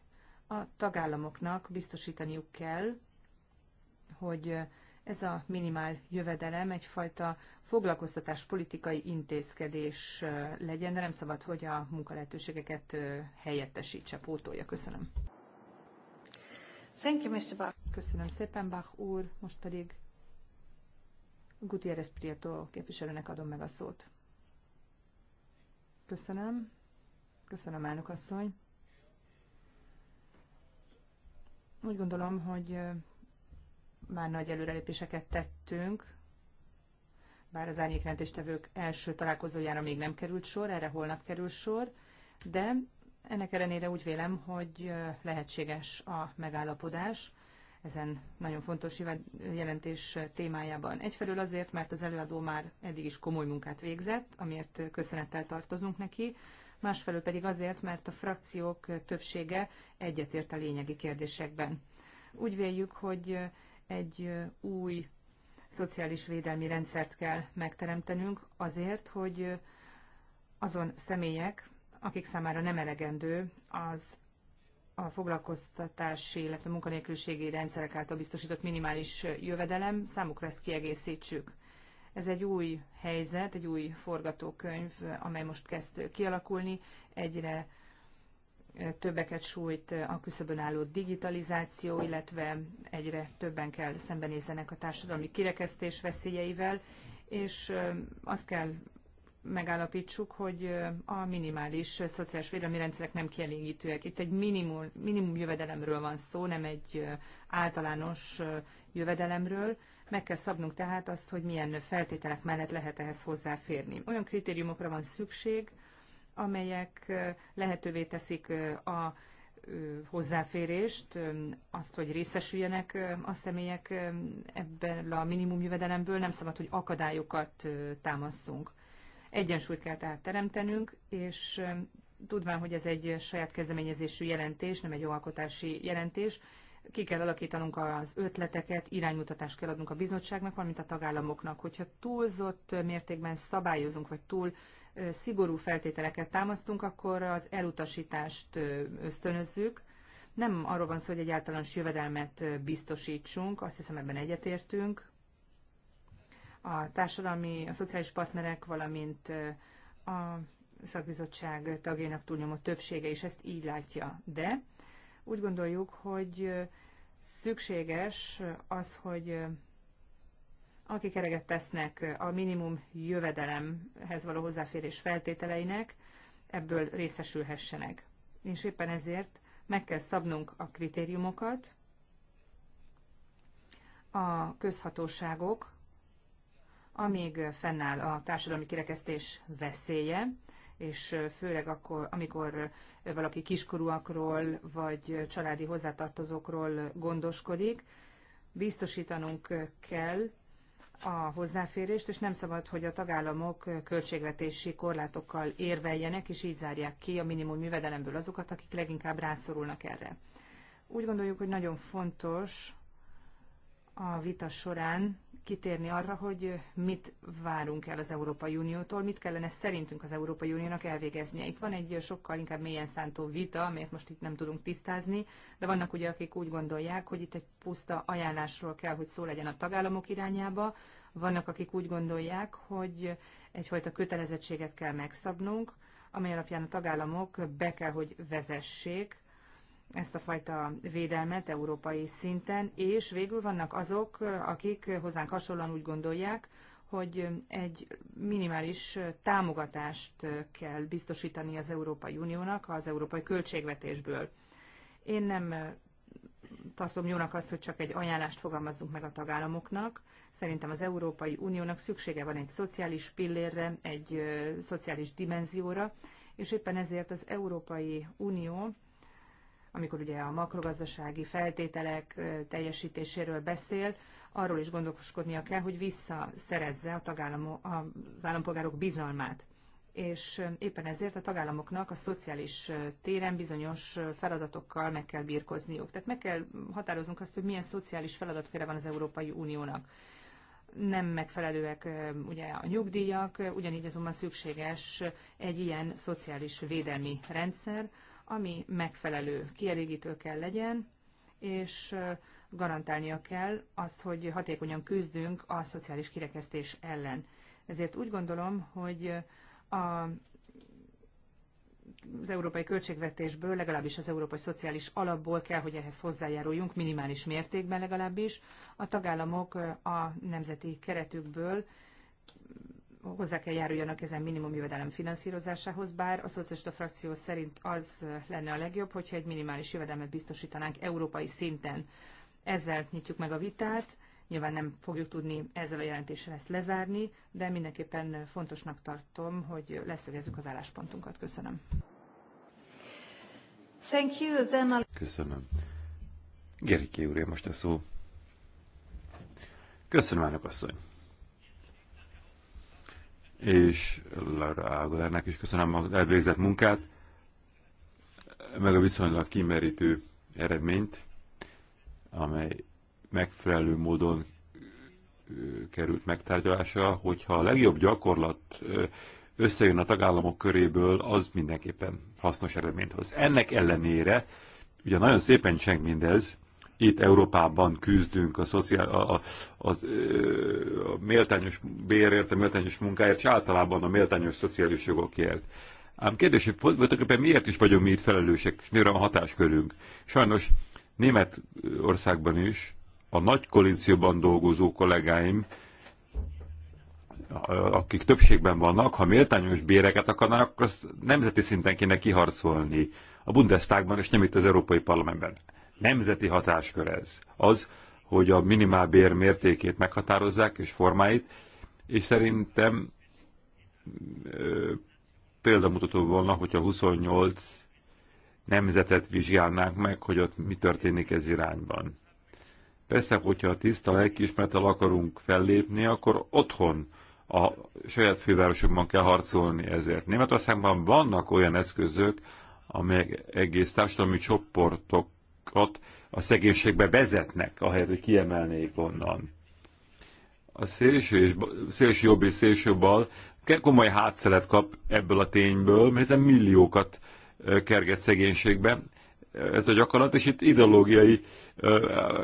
a tagállamoknak biztosítaniuk kell, hogy ez a minimál jövedelem egyfajta foglalkoztatás politikai intézkedés legyen, de nem szabad, hogy a munkalehetőségeket helyettesítse, pótolja. Köszönöm. Thank you, Mr. Bach. Köszönöm szépen, Bach úr. Most pedig Gutierrez Prieto képviselőnek adom meg a szót. Köszönöm. Köszönöm, elnök asszony. Úgy gondolom, hogy már nagy előrelépéseket tettünk, bár az árnyékrendéstevők első találkozójára még nem került sor, erre holnap kerül sor, de ennek ellenére úgy vélem, hogy lehetséges a megállapodás ezen nagyon fontos jelentés témájában. Egyfelől azért, mert az előadó már eddig is komoly munkát végzett, amiért köszönettel tartozunk neki, másfelől pedig azért, mert a frakciók többsége egyetért a lényegi kérdésekben. Úgy véljük, hogy egy új szociális védelmi rendszert kell megteremtenünk azért, hogy azon személyek, akik számára nem elegendő az a foglalkoztatási, illetve munkanélküliségi rendszerek által biztosított minimális jövedelem, számukra ezt kiegészítsük. Ez egy új helyzet, egy új forgatókönyv, amely most kezd kialakulni, egyre többeket sújt a küszöbön álló digitalizáció, illetve egyre többen kell szembenézzenek a társadalmi kirekesztés veszélyeivel, és azt kell megállapítsuk, hogy a minimális szociális védelmi rendszerek nem kielégítőek. Itt egy minimum, minimum jövedelemről van szó, nem egy általános jövedelemről. Meg kell szabnunk tehát azt, hogy milyen feltételek mellett lehet ehhez hozzáférni. Olyan kritériumokra van szükség, amelyek lehetővé teszik a hozzáférést, azt, hogy részesüljenek a személyek ebben a minimum jövedelemből, nem szabad, hogy akadályokat támaszunk. Egyensúlyt kell tehát teremtenünk, és tudván, hogy ez egy saját kezdeményezésű jelentés, nem egy alkotási jelentés, ki kell alakítanunk az ötleteket, iránymutatást kell adnunk a bizottságnak, valamint a tagállamoknak. Hogyha túlzott mértékben szabályozunk, vagy túl szigorú feltételeket támasztunk, akkor az elutasítást ösztönözzük. Nem arról van szó, hogy egy általános jövedelmet biztosítsunk, azt hiszem ebben egyetértünk, a társadalmi, a szociális partnerek, valamint a szakbizottság tagjainak túlnyomó többsége is ezt így látja. De úgy gondoljuk, hogy szükséges az, hogy akik ereget tesznek a minimum jövedelemhez való hozzáférés feltételeinek, ebből részesülhessenek. És éppen ezért meg kell szabnunk a kritériumokat, a közhatóságok amíg fennáll a társadalmi kirekesztés veszélye, és főleg akkor, amikor valaki kiskorúakról vagy családi hozzátartozókról gondoskodik, biztosítanunk kell a hozzáférést, és nem szabad, hogy a tagállamok költségvetési korlátokkal érveljenek, és így zárják ki a minimum jövedelemből azokat, akik leginkább rászorulnak erre. Úgy gondoljuk, hogy nagyon fontos a vita során kitérni arra, hogy mit várunk el az Európai Uniótól, mit kellene szerintünk az Európai Uniónak elvégeznie. Itt van egy sokkal inkább mélyen szántó vita, amelyet most itt nem tudunk tisztázni, de vannak ugye, akik úgy gondolják, hogy itt egy puszta ajánlásról kell, hogy szó legyen a tagállamok irányába, vannak, akik úgy gondolják, hogy egyfajta kötelezettséget kell megszabnunk, amely alapján a tagállamok be kell, hogy vezessék ezt a fajta védelmet európai szinten, és végül vannak azok, akik hozzánk hasonlóan úgy gondolják, hogy egy minimális támogatást kell biztosítani az Európai Uniónak az európai költségvetésből. Én nem tartom jónak azt, hogy csak egy ajánlást fogalmazzunk meg a tagállamoknak. Szerintem az Európai Uniónak szüksége van egy szociális pillérre, egy szociális dimenzióra, és éppen ezért az Európai Unió amikor ugye a makrogazdasági feltételek teljesítéséről beszél, arról is gondolkoskodnia kell, hogy visszaszerezze a tagállamok, az állampolgárok bizalmát. És éppen ezért a tagállamoknak a szociális téren bizonyos feladatokkal meg kell birkozniuk. Tehát meg kell határoznunk azt, hogy milyen szociális feladatköre van az Európai Uniónak nem megfelelőek ugye a nyugdíjak, ugyanígy azonban szükséges egy ilyen szociális védelmi rendszer, ami megfelelő, kielégítő kell legyen, és garantálnia kell azt, hogy hatékonyan küzdünk a szociális kirekesztés ellen. Ezért úgy gondolom, hogy a, az európai költségvetésből, legalábbis az európai szociális alapból kell, hogy ehhez hozzájáruljunk, minimális mértékben legalábbis. A tagállamok a nemzeti keretükből hozzá kell járuljanak ezen minimum jövedelem finanszírozásához, bár a szocialista frakció szerint az lenne a legjobb, hogyha egy minimális jövedelmet biztosítanánk európai szinten. Ezzel nyitjuk meg a vitát. Nyilván nem fogjuk tudni ezzel a jelentéssel ezt lezárni, de mindenképpen fontosnak tartom, hogy leszögezzük az álláspontunkat. Köszönöm. Thank you, then I'll... Köszönöm. Gerike úr, most a szó. Köszönöm, elnök asszony és Lara Ágolának is köszönöm az elvégzett munkát, meg a viszonylag kimerítő eredményt, amely megfelelő módon került megtárgyalásra, hogyha a legjobb gyakorlat összejön a tagállamok köréből, az mindenképpen hasznos eredményt hoz. Ennek ellenére, ugye nagyon szépen cseng mindez, itt Európában küzdünk a, szociál, a, a, az, a méltányos bérért, a méltányos munkáért, és általában a méltányos szociális jogokért. Ám kérdés, hogy voltaképpen miért is vagyunk mi itt felelősek, és miért a hatáskörünk? Sajnos Németországban is a nagy koalícióban dolgozó kollégáim, akik többségben vannak, ha méltányos béreket akarnak, azt nemzeti szinten kéne kiharcolni a Bundestagban, és nem itt az Európai Parlamentben nemzeti hatáskör ez. Az, hogy a minimálbér mértékét meghatározzák és formáit, és szerintem példamutató volna, hogy a 28 nemzetet vizsgálnánk meg, hogy ott mi történik ez irányban. Persze, hogyha a tiszta lelkiismerettel akarunk fellépni, akkor otthon a saját fővárosokban kell harcolni ezért. Németországban vannak olyan eszközök, amelyek egész társadalmi csoportok fiatalokat a szegénységbe vezetnek, ahelyett, hogy kiemelnék onnan. A szélső, és, szélső jobb és szélső bal komoly hátszelet kap ebből a tényből, mert ezen milliókat kerget szegénységbe ez a gyakorlat, és itt ideológiai,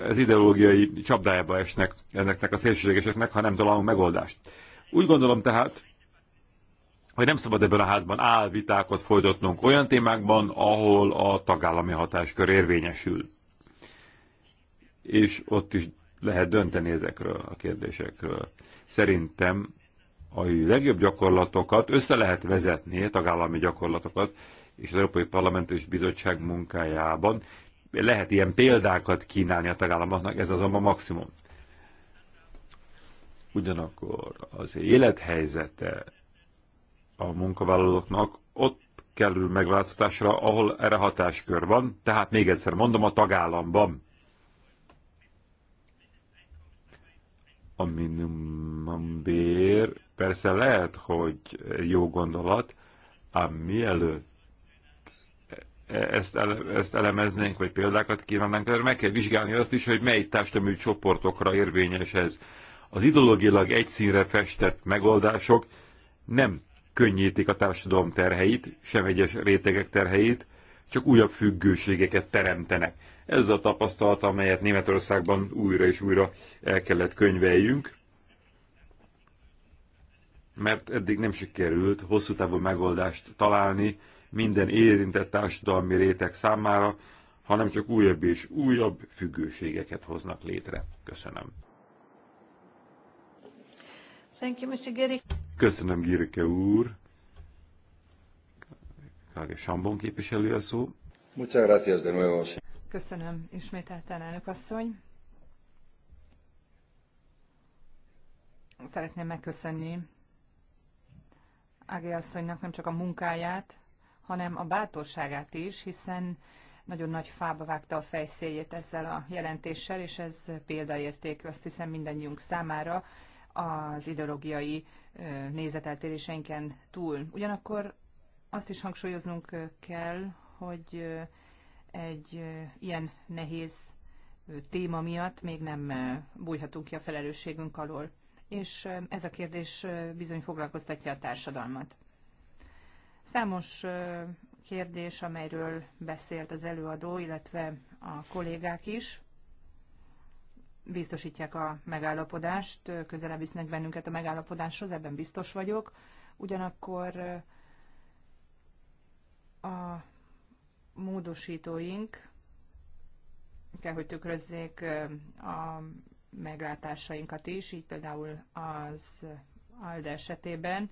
ez ideológiai csapdájába esnek ennek a szélsőségeseknek, ha nem találunk megoldást. Úgy gondolom tehát, hogy nem szabad ebben a házban álvitákat folytatnunk olyan témákban, ahol a tagállami hatáskör érvényesül. És ott is lehet dönteni ezekről a kérdésekről. Szerintem a legjobb gyakorlatokat össze lehet vezetni, a tagállami gyakorlatokat, és az Európai Parlament és Bizottság munkájában lehet ilyen példákat kínálni a tagállamoknak, ez azonban maximum. Ugyanakkor az élethelyzete a munkavállalóknak ott kerül megváltoztatásra, ahol erre hatáskör van, tehát még egyszer mondom, a tagállamban. A minimumbér persze lehet, hogy jó gondolat, ám mielőtt e- ezt, ele, ezt elemeznénk, vagy példákat kívánnánk, mert meg kell vizsgálni azt is, hogy mely társadalmi csoportokra érvényes ez. Az ideológilag egyszínre festett megoldások nem könnyítik a társadalom terheit, sem egyes rétegek terheit, csak újabb függőségeket teremtenek. Ez a tapasztalat, amelyet Németországban újra és újra el kellett könyveljünk, mert eddig nem sikerült hosszú távú megoldást találni minden érintett társadalmi réteg számára, hanem csak újabb és újabb függőségeket hoznak létre. Köszönöm. Thank you, Mr. Gerik. Köszönöm, Girke úr. Káge Sambon képviselő a szó. Muchas gracias de nuevo. Köszönöm, ismételten elnök asszony. Szeretném megköszönni Ági asszonynak nem csak a munkáját, hanem a bátorságát is, hiszen nagyon nagy fába vágta a fejszéjét ezzel a jelentéssel, és ez példaértékű, azt hiszem mindannyiunk számára, az ideológiai nézeteltéréseinken túl. Ugyanakkor azt is hangsúlyoznunk kell, hogy egy ilyen nehéz téma miatt még nem bújhatunk ki a felelősségünk alól. És ez a kérdés bizony foglalkoztatja a társadalmat. Számos kérdés, amelyről beszélt az előadó, illetve a kollégák is, biztosítják a megállapodást, közelebb visznek bennünket a megállapodáshoz, ebben biztos vagyok. Ugyanakkor a módosítóink kell, hogy tükrözzék a meglátásainkat is, így például az ALDE esetében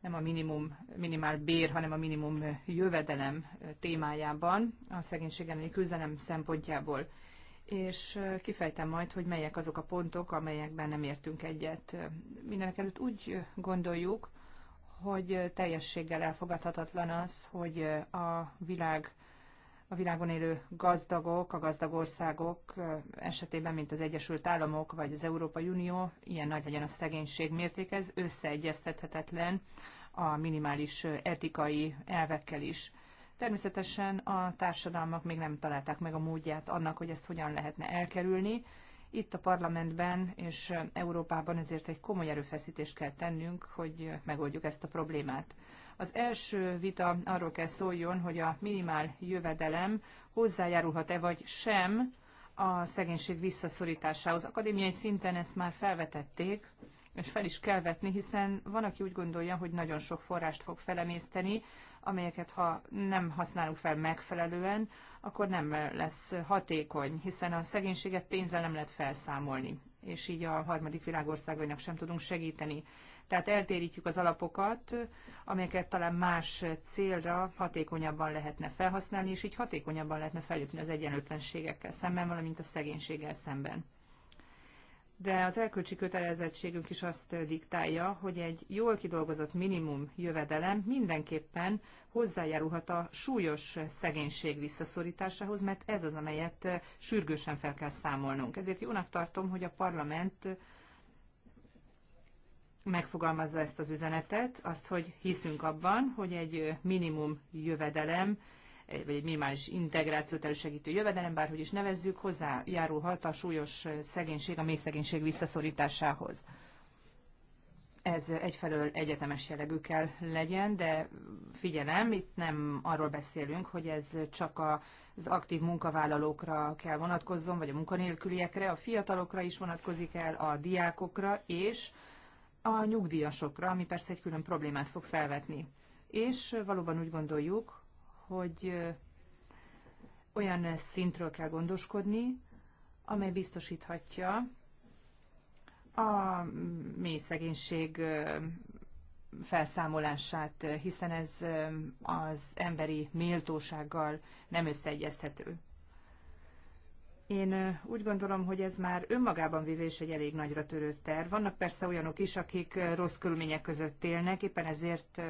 nem a minimum, minimál bér, hanem a minimum jövedelem témájában, a szegénységen küzdelem szempontjából és kifejtem majd, hogy melyek azok a pontok, amelyekben nem értünk egyet. Mindenek előtt úgy gondoljuk, hogy teljességgel elfogadhatatlan az, hogy a világ a világon élő gazdagok, a gazdag országok esetében, mint az Egyesült Államok vagy az Európai Unió, ilyen nagy legyen a szegénység mérték, ez összeegyeztethetetlen a minimális etikai elvekkel is. Természetesen a társadalmak még nem találták meg a módját annak, hogy ezt hogyan lehetne elkerülni. Itt a parlamentben és Európában ezért egy komoly erőfeszítést kell tennünk, hogy megoldjuk ezt a problémát. Az első vita arról kell szóljon, hogy a minimál jövedelem hozzájárulhat-e vagy sem a szegénység visszaszorításához. Akadémiai szinten ezt már felvetették, és fel is kell vetni, hiszen van, aki úgy gondolja, hogy nagyon sok forrást fog felemészteni, amelyeket ha nem használunk fel megfelelően, akkor nem lesz hatékony, hiszen a szegénységet pénzzel nem lehet felszámolni, és így a harmadik világországainak sem tudunk segíteni. Tehát eltérítjük az alapokat, amelyeket talán más célra hatékonyabban lehetne felhasználni, és így hatékonyabban lehetne feljutni az egyenlőtlenségekkel szemben, valamint a szegénységgel szemben de az elkölcsi kötelezettségünk is azt diktálja, hogy egy jól kidolgozott minimum jövedelem mindenképpen hozzájárulhat a súlyos szegénység visszaszorításához, mert ez az, amelyet sürgősen fel kell számolnunk. Ezért jónak tartom, hogy a parlament megfogalmazza ezt az üzenetet, azt, hogy hiszünk abban, hogy egy minimum jövedelem vagy egy minimális integrációt elősegítő jövedelem, bárhogy is nevezzük, hozzájárulhat a súlyos szegénység, a mély szegénység visszaszorításához. Ez egyfelől egyetemes jellegű kell legyen, de figyelem, itt nem arról beszélünk, hogy ez csak az aktív munkavállalókra kell vonatkozzon, vagy a munkanélküliekre, a fiatalokra is vonatkozik el, a diákokra és a nyugdíjasokra, ami persze egy külön problémát fog felvetni. És valóban úgy gondoljuk, hogy olyan szintről kell gondoskodni, amely biztosíthatja a mm, mély szegénység felszámolását, hiszen ez az emberi méltósággal nem összeegyeztető. Én úgy gondolom, hogy ez már önmagában véve is egy elég nagyra törő terv. Vannak persze olyanok is, akik rossz körülmények között élnek, éppen ezért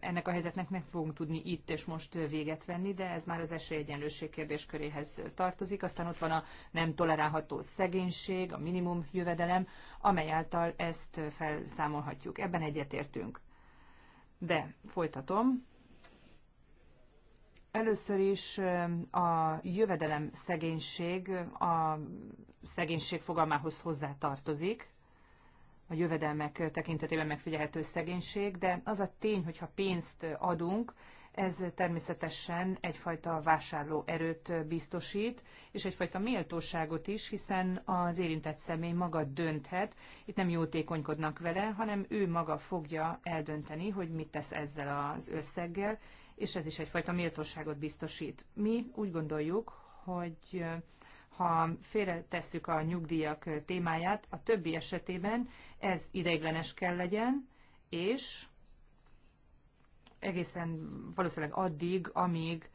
ennek a helyzetnek nem fogunk tudni itt és most véget venni, de ez már az esélyegyenlőség kérdésköréhez tartozik. Aztán ott van a nem tolerálható szegénység, a minimum jövedelem, amely által ezt felszámolhatjuk. Ebben egyetértünk. De folytatom. Először is a jövedelem szegénység a szegénység fogalmához hozzátartozik, a jövedelmek tekintetében megfigyelhető szegénység, de az a tény, hogyha pénzt adunk, ez természetesen egyfajta vásárlóerőt biztosít, és egyfajta méltóságot is, hiszen az érintett személy maga dönthet, itt nem jótékonykodnak vele, hanem ő maga fogja eldönteni, hogy mit tesz ezzel az összeggel, és ez is egyfajta méltóságot biztosít. Mi úgy gondoljuk, hogy ha félretesszük a nyugdíjak témáját, a többi esetében ez ideiglenes kell legyen, és egészen valószínűleg addig, amíg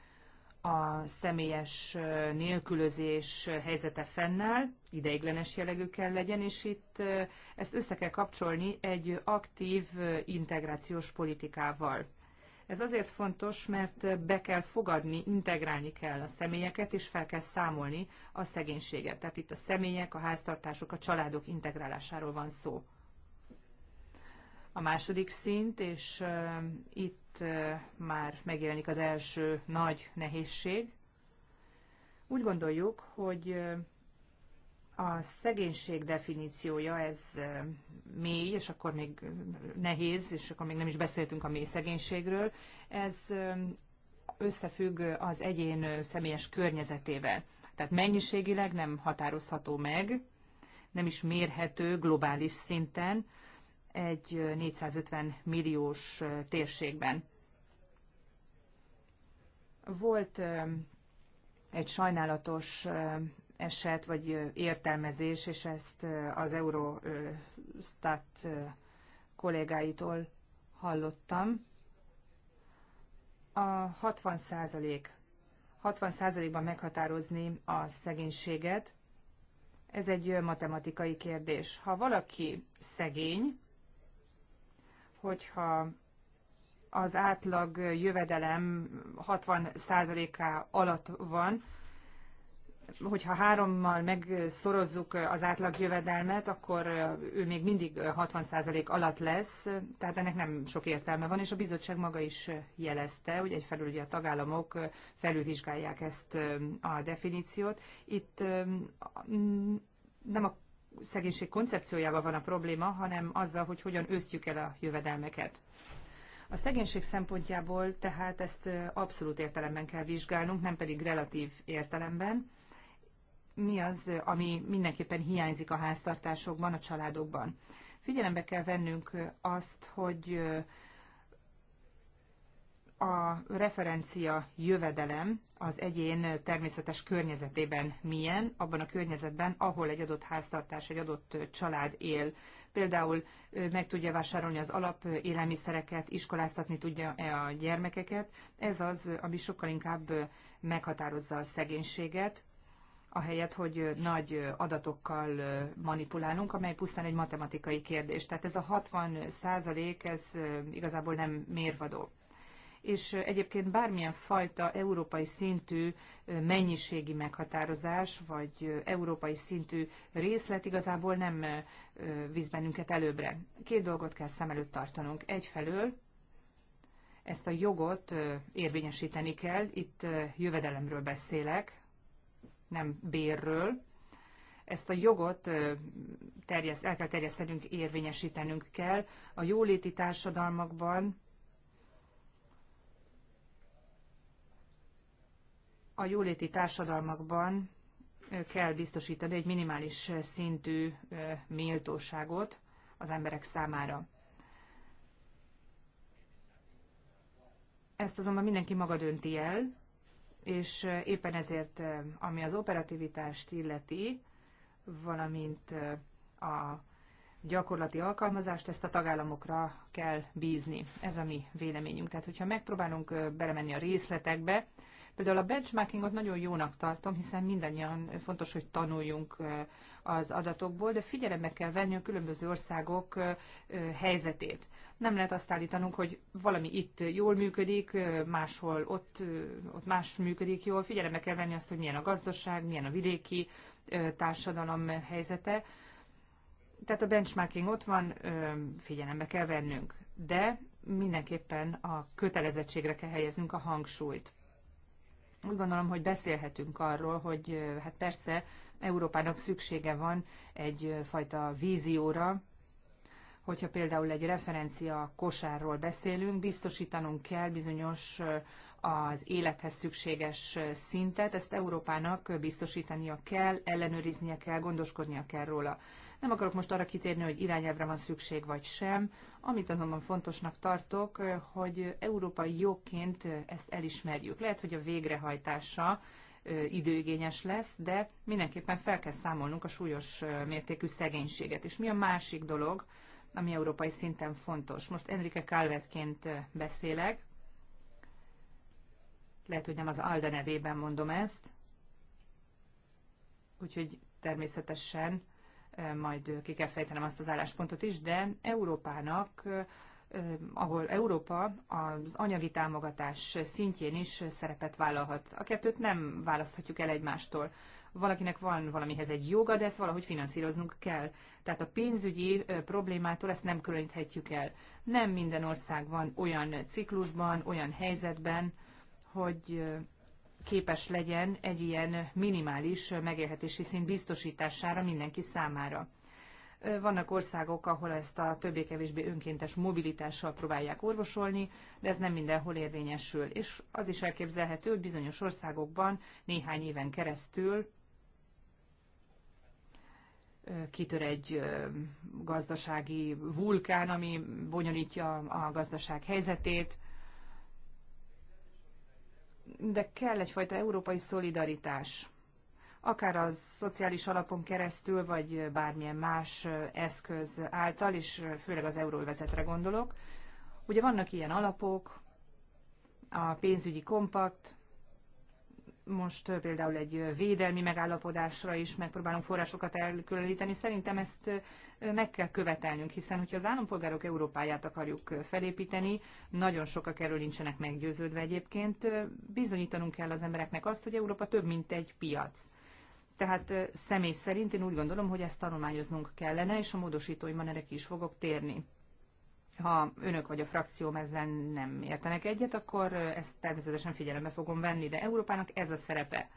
a személyes nélkülözés helyzete fennáll, ideiglenes jellegű kell legyen, és itt ezt össze kell kapcsolni egy aktív integrációs politikával. Ez azért fontos, mert be kell fogadni, integrálni kell a személyeket, és fel kell számolni a szegénységet. Tehát itt a személyek, a háztartások, a családok integrálásáról van szó. A második szint, és itt már megjelenik az első nagy nehézség. Úgy gondoljuk, hogy a szegénység definíciója, ez mély, és akkor még nehéz, és akkor még nem is beszéltünk a mély szegénységről, ez összefügg az egyén személyes környezetével. Tehát mennyiségileg nem határozható meg, nem is mérhető globális szinten egy 450 milliós térségben. Volt egy sajnálatos eset vagy értelmezés, és ezt az Eurostat kollégáitól hallottam. A 60 százalék, 60 százalékban meghatározni a szegénységet, ez egy matematikai kérdés. Ha valaki szegény, hogyha az átlag jövedelem 60 százaléka alatt van, hogyha hárommal megszorozzuk az átlag jövedelmet, akkor ő még mindig 60% alatt lesz, tehát ennek nem sok értelme van, és a bizottság maga is jelezte, hogy egyfelül ugye a tagállamok felülvizsgálják ezt a definíciót. Itt nem a szegénység koncepciójában van a probléma, hanem azzal, hogy hogyan ősztjük el a jövedelmeket. A szegénység szempontjából tehát ezt abszolút értelemben kell vizsgálnunk, nem pedig relatív értelemben mi az, ami mindenképpen hiányzik a háztartásokban, a családokban. Figyelembe kell vennünk azt, hogy a referencia jövedelem az egyén természetes környezetében milyen, abban a környezetben, ahol egy adott háztartás, egy adott család él. Például meg tudja vásárolni az alap élelmiszereket, iskoláztatni tudja-e a gyermekeket. Ez az, ami sokkal inkább meghatározza a szegénységet, ahelyett, hogy nagy adatokkal manipulálunk, amely pusztán egy matematikai kérdés. Tehát ez a 60 százalék, ez igazából nem mérvadó. És egyébként bármilyen fajta európai szintű mennyiségi meghatározás, vagy európai szintű részlet igazából nem visz bennünket előbbre. Két dolgot kell szem előtt tartanunk. Egyfelől ezt a jogot érvényesíteni kell, itt jövedelemről beszélek, nem bérről. Ezt a jogot terjeszt, el kell terjesztenünk, érvényesítenünk kell. A jóléti társadalmakban a jóléti társadalmakban kell biztosítani egy minimális szintű méltóságot az emberek számára. Ezt azonban mindenki maga dönti el, és éppen ezért, ami az operativitást illeti, valamint a gyakorlati alkalmazást, ezt a tagállamokra kell bízni. Ez a mi véleményünk. Tehát, hogyha megpróbálunk belemenni a részletekbe, például a benchmarkingot nagyon jónak tartom, hiszen mindannyian fontos, hogy tanuljunk az adatokból, de figyelembe kell venni a különböző országok helyzetét. Nem lehet azt állítanunk, hogy valami itt jól működik, máshol ott, ott más működik jól. Figyelembe kell venni azt, hogy milyen a gazdaság, milyen a vidéki társadalom helyzete. Tehát a benchmarking ott van, figyelembe kell vennünk. De mindenképpen a kötelezettségre kell helyeznünk a hangsúlyt. Úgy gondolom, hogy beszélhetünk arról, hogy hát persze Európának szüksége van egyfajta vízióra, hogyha például egy referencia kosárról beszélünk, biztosítanunk kell bizonyos az élethez szükséges szintet, ezt Európának biztosítania kell, ellenőriznie kell, gondoskodnia kell róla. Nem akarok most arra kitérni, hogy irányelvre van szükség vagy sem, amit azonban fontosnak tartok, hogy európai jogként ezt elismerjük. Lehet, hogy a végrehajtása időigényes lesz, de mindenképpen fel kell számolnunk a súlyos mértékű szegénységet. És mi a másik dolog, ami európai szinten fontos? Most Enrique Calvetként beszélek, lehet, hogy nem az Alde nevében mondom ezt, úgyhogy természetesen majd ki kell fejtenem azt az álláspontot is, de Európának ahol Európa az anyagi támogatás szintjén is szerepet vállalhat. A kettőt nem választhatjuk el egymástól. Valakinek van valamihez egy joga, de ezt valahogy finanszíroznunk kell. Tehát a pénzügyi problémától ezt nem különíthetjük el. Nem minden ország van olyan ciklusban, olyan helyzetben, hogy képes legyen egy ilyen minimális megélhetési szint biztosítására mindenki számára. Vannak országok, ahol ezt a többé-kevésbé önkéntes mobilitással próbálják orvosolni, de ez nem mindenhol érvényesül. És az is elképzelhető, hogy bizonyos országokban néhány éven keresztül kitör egy gazdasági vulkán, ami bonyolítja a gazdaság helyzetét, de kell egyfajta európai szolidaritás akár a szociális alapon keresztül, vagy bármilyen más eszköz által, és főleg az euróvezetre gondolok. Ugye vannak ilyen alapok, a pénzügyi kompakt, most például egy védelmi megállapodásra is megpróbálunk forrásokat elkülöníteni. Szerintem ezt meg kell követelnünk, hiszen hogyha az állampolgárok Európáját akarjuk felépíteni, nagyon sokak erről nincsenek meggyőződve egyébként, bizonyítanunk kell az embereknek azt, hogy Európa több, mint egy piac. Tehát személy szerint én úgy gondolom, hogy ezt tanulmányoznunk kellene, és a módosítóimban erre ki is fogok térni. Ha önök vagy a frakcióm ezzel nem értenek egyet, akkor ezt természetesen figyelembe fogom venni, de Európának ez a szerepe.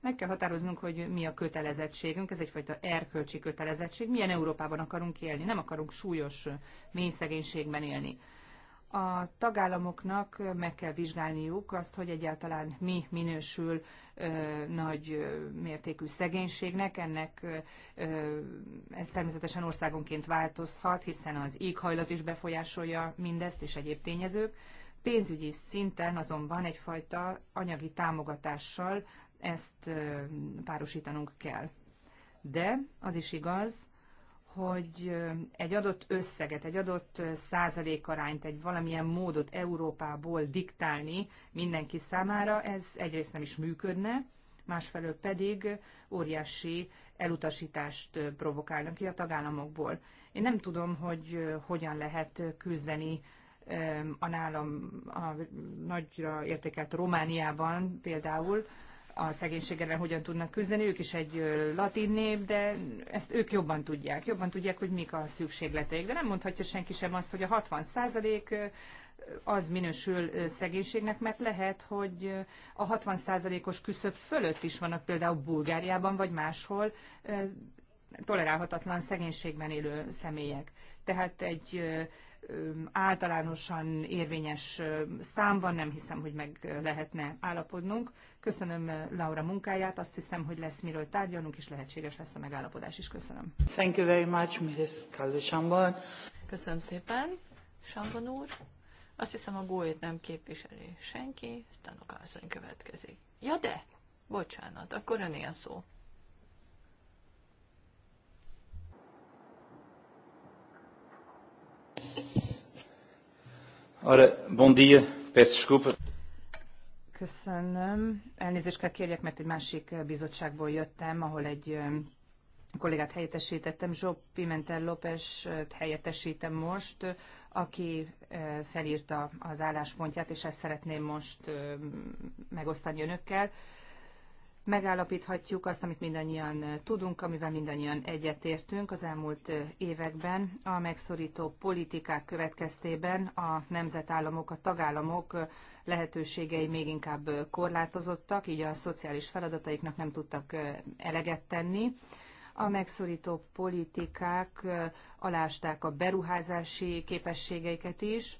Meg kell határoznunk, hogy mi a kötelezettségünk, ez egyfajta erkölcsi kötelezettség, milyen Európában akarunk élni, nem akarunk súlyos mély szegénységben élni a tagállamoknak meg kell vizsgálniuk azt, hogy egyáltalán mi minősül ö, nagy ö, mértékű szegénységnek. Ennek ö, ez természetesen országonként változhat, hiszen az éghajlat is befolyásolja mindezt és egyéb tényezők. Pénzügyi szinten azonban egyfajta anyagi támogatással ezt párosítanunk kell. De az is igaz, hogy egy adott összeget, egy adott százalékarányt, egy valamilyen módot Európából diktálni mindenki számára, ez egyrészt nem is működne, másfelől pedig óriási elutasítást provokálnak ki a tagállamokból. Én nem tudom, hogy hogyan lehet küzdeni a nálam a nagyra értékelt Romániában például a szegénységgel hogyan tudnak küzdeni. Ők is egy latin nép, de ezt ők jobban tudják. Jobban tudják, hogy mik a szükségleteik. De nem mondhatja senki sem azt, hogy a 60% az minősül szegénységnek, mert lehet, hogy a 60%-os küszöb fölött is vannak például Bulgáriában vagy máshol tolerálhatatlan szegénységben élő személyek. Tehát egy általánosan érvényes számban, nem hiszem, hogy meg lehetne állapodnunk. Köszönöm Laura munkáját, azt hiszem, hogy lesz miről tárgyalnunk, és lehetséges lesz a megállapodás is. Köszönöm. Thank you very much, Mrs. Kalvi Köszönöm szépen, Sambon úr. Azt hiszem, a gólyt nem képviseli senki, Stanok asszony következik. Ja de, bocsánat, akkor öné a szó. Ora, bom dia, peço desculpa. Köszönöm. Elnézést kell kérjek, mert egy másik bizottságból jöttem, ahol egy um, kollégát helyettesítettem, Zsó Pimentel López helyettesítem most, aki uh, felírta az álláspontját, és ezt szeretném most um, megosztani önökkel megállapíthatjuk azt, amit mindannyian tudunk, amivel mindannyian egyetértünk az elmúlt években. A megszorító politikák következtében a nemzetállamok, a tagállamok lehetőségei még inkább korlátozottak, így a szociális feladataiknak nem tudtak eleget tenni. A megszorító politikák alásták a beruházási képességeiket is,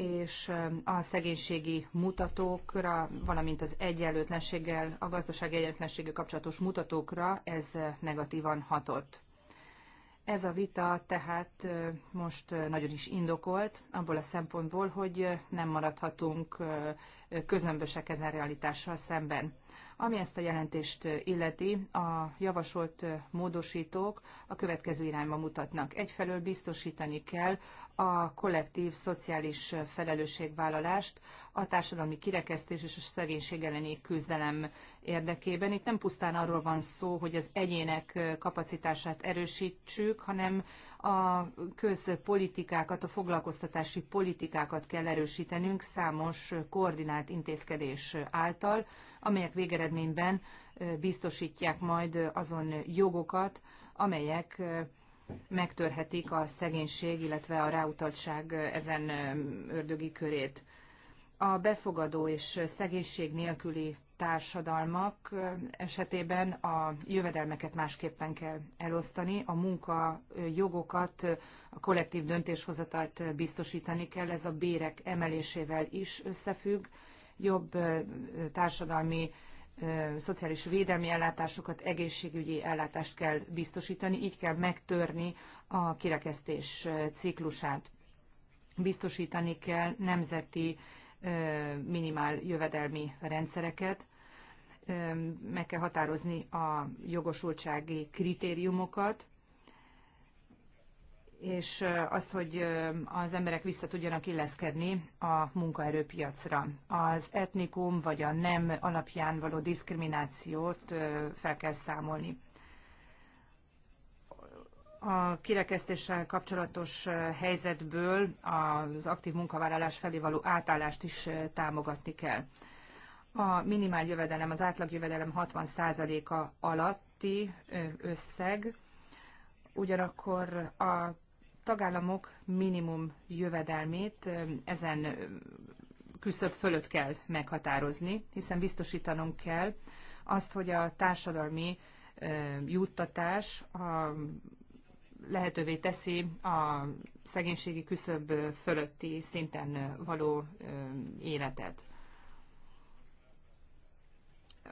és a szegénységi mutatókra, valamint az egyenlőtlenséggel, a gazdasági egyenlőtlenséggel kapcsolatos mutatókra ez negatívan hatott. Ez a vita tehát most nagyon is indokolt, abból a szempontból, hogy nem maradhatunk közömbösek ezen realitással szemben. Ami ezt a jelentést illeti, a javasolt módosítók a következő irányba mutatnak. Egyfelől biztosítani kell a kollektív szociális felelősségvállalást a társadalmi kirekesztés és a szegénység elleni küzdelem érdekében. Itt nem pusztán arról van szó, hogy az egyének kapacitását erősítsük, hanem a közpolitikákat, a foglalkoztatási politikákat kell erősítenünk számos koordinált intézkedés által, amelyek végeredményben biztosítják majd azon jogokat, amelyek megtörhetik a szegénység, illetve a ráutaltság ezen ördögi körét. A befogadó és szegénység nélküli társadalmak esetében a jövedelmeket másképpen kell elosztani, a munka jogokat, a kollektív döntéshozatát biztosítani kell, ez a bérek emelésével is összefügg, jobb társadalmi szociális védelmi ellátásokat, egészségügyi ellátást kell biztosítani, így kell megtörni a kirekesztés ciklusát. Biztosítani kell nemzeti minimál jövedelmi rendszereket, meg kell határozni a jogosultsági kritériumokat, és azt, hogy az emberek vissza tudjanak illeszkedni a munkaerőpiacra. Az etnikum vagy a nem alapján való diszkriminációt fel kell számolni. A kirekesztéssel kapcsolatos helyzetből az aktív munkavállalás felé való átállást is támogatni kell. A minimál jövedelem, az átlagjövedelem 60%-a alatti összeg, ugyanakkor a tagállamok minimum jövedelmét ezen küszöbb fölött kell meghatározni, hiszen biztosítanunk kell azt, hogy a társadalmi juttatás a lehetővé teszi a szegénységi küszöbb fölötti szinten való életet.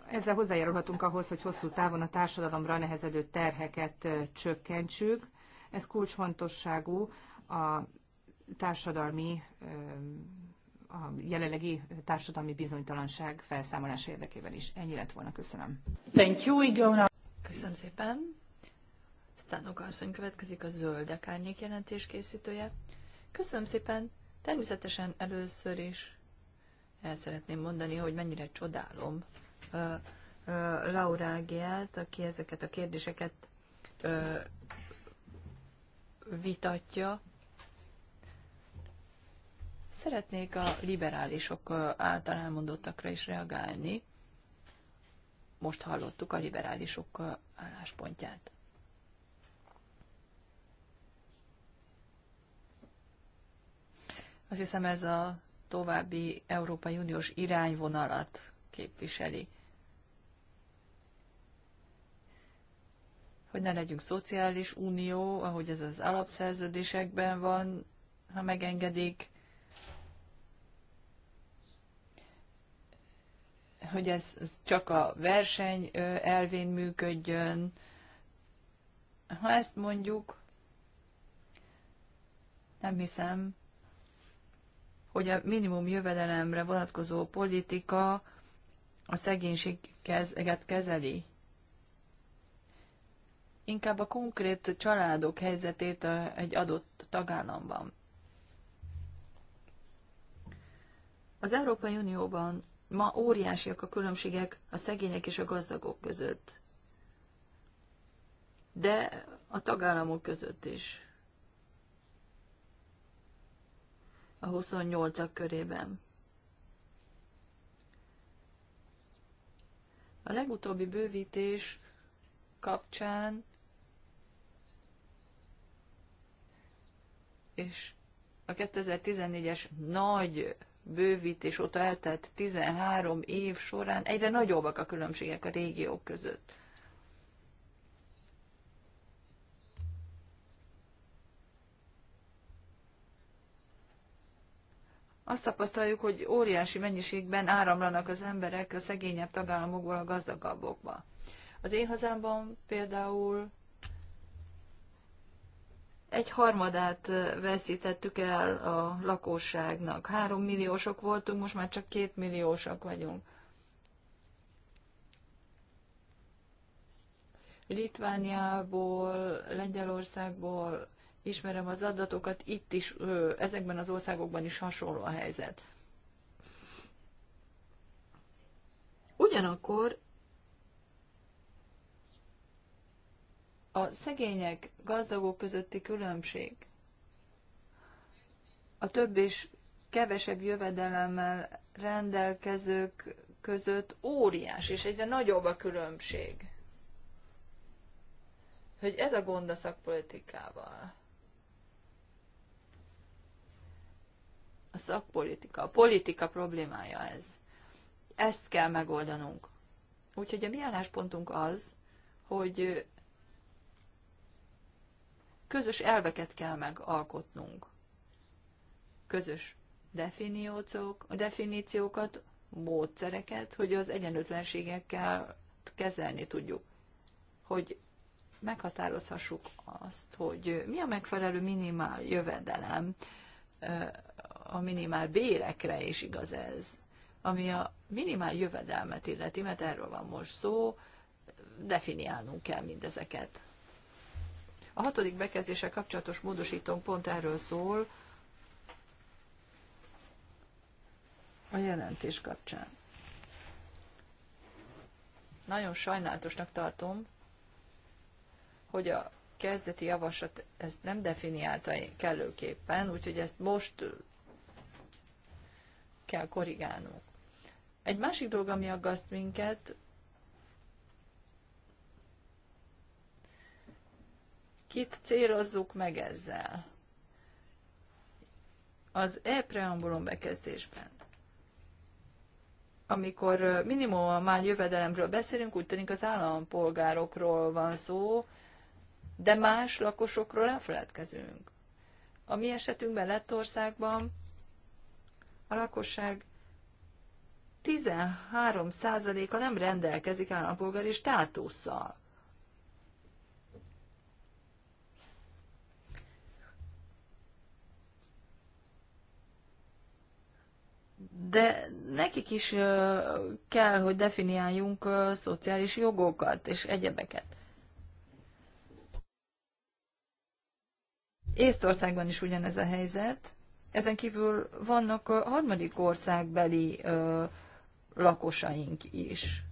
Ezzel hozzájárulhatunk ahhoz, hogy hosszú távon a társadalomra nehezedő terheket csökkentsük, ez kulcsfontosságú a társadalmi a jelenlegi társadalmi bizonytalanság felszámolása érdekében is. Ennyi lett volna, köszönöm. Thank you, Igona. Köszönöm szépen. Sztánok asszony következik a zöldek árnyék jelentés készítője. Köszönöm szépen. Természetesen először is el szeretném mondani, hogy mennyire csodálom uh, uh, Laura Ágiát, aki ezeket a kérdéseket uh, vitatja. Szeretnék a liberálisok által elmondottakra is reagálni. Most hallottuk a liberálisok álláspontját. Azt hiszem ez a további Európai Uniós irányvonalat képviseli. hogy ne legyünk szociális unió, ahogy ez az alapszerződésekben van, ha megengedik, hogy ez, csak a verseny elvén működjön. Ha ezt mondjuk, nem hiszem, hogy a minimum jövedelemre vonatkozó politika a szegénységet kezeli inkább a konkrét családok helyzetét egy adott tagállamban. Az Európai Unióban ma óriásiak a különbségek a szegények és a gazdagok között, de a tagállamok között is. A 28-ak körében. A legutóbbi bővítés kapcsán és a 2014-es nagy bővítés óta eltelt 13 év során egyre nagyobbak a különbségek a régiók között. Azt tapasztaljuk, hogy óriási mennyiségben áramlanak az emberek a szegényebb tagállamokból a gazdagabbokba. Az én hazámban például egy harmadát veszítettük el a lakosságnak. Három milliósok voltunk, most már csak két milliósak vagyunk. Litvániából, Lengyelországból ismerem az adatokat, itt is, ezekben az országokban is hasonló a helyzet. Ugyanakkor a szegények, gazdagok közötti különbség, a több és kevesebb jövedelemmel rendelkezők között óriás, és egyre nagyobb a különbség. Hogy ez a gond a szakpolitikával. A szakpolitika, a politika problémája ez. Ezt kell megoldanunk. Úgyhogy a mi álláspontunk az, hogy Közös elveket kell megalkotnunk. Közös definíciók, definíciókat, módszereket, hogy az egyenlőtlenségekkel kezelni tudjuk. Hogy meghatározhassuk azt, hogy mi a megfelelő minimál jövedelem, a minimál bérekre is igaz ez, ami a minimál jövedelmet illeti, mert erről van most szó, definiálnunk kell mindezeket. A hatodik bekezdéssel kapcsolatos módosítónk pont erről szól, a jelentés kapcsán. Nagyon sajnálatosnak tartom, hogy a kezdeti javaslat ezt nem definiálta kellőképpen, úgyhogy ezt most kell korrigálnunk. Egy másik dolog, ami aggaszt minket, Kit célozzuk meg ezzel? Az e-preambulum bekezdésben, amikor minimum már jövedelemről beszélünk, úgy tűnik az állampolgárokról van szó, de más lakosokról elfeledkezünk. A mi esetünkben Lettországban a lakosság 13%-a nem rendelkezik állampolgári státusszal. de nekik is kell, hogy definiáljunk szociális jogokat és egyebeket. Észtországban is ugyanez a helyzet. Ezen kívül vannak harmadik országbeli ö, lakosaink is.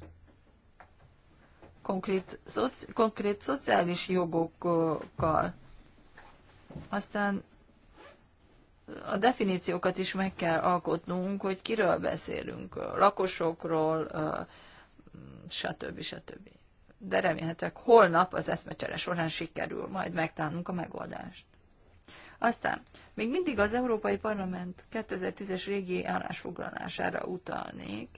Konkrét, szoci, konkrét szociális jogokkal. Aztán a definíciókat is meg kell alkotnunk, hogy kiről beszélünk, lakosokról, stb. stb. De remélhetek, holnap az eszmecsere során sikerül majd megtalálnunk a megoldást. Aztán még mindig az Európai Parlament 2010-es régi állásfoglalására utalnék,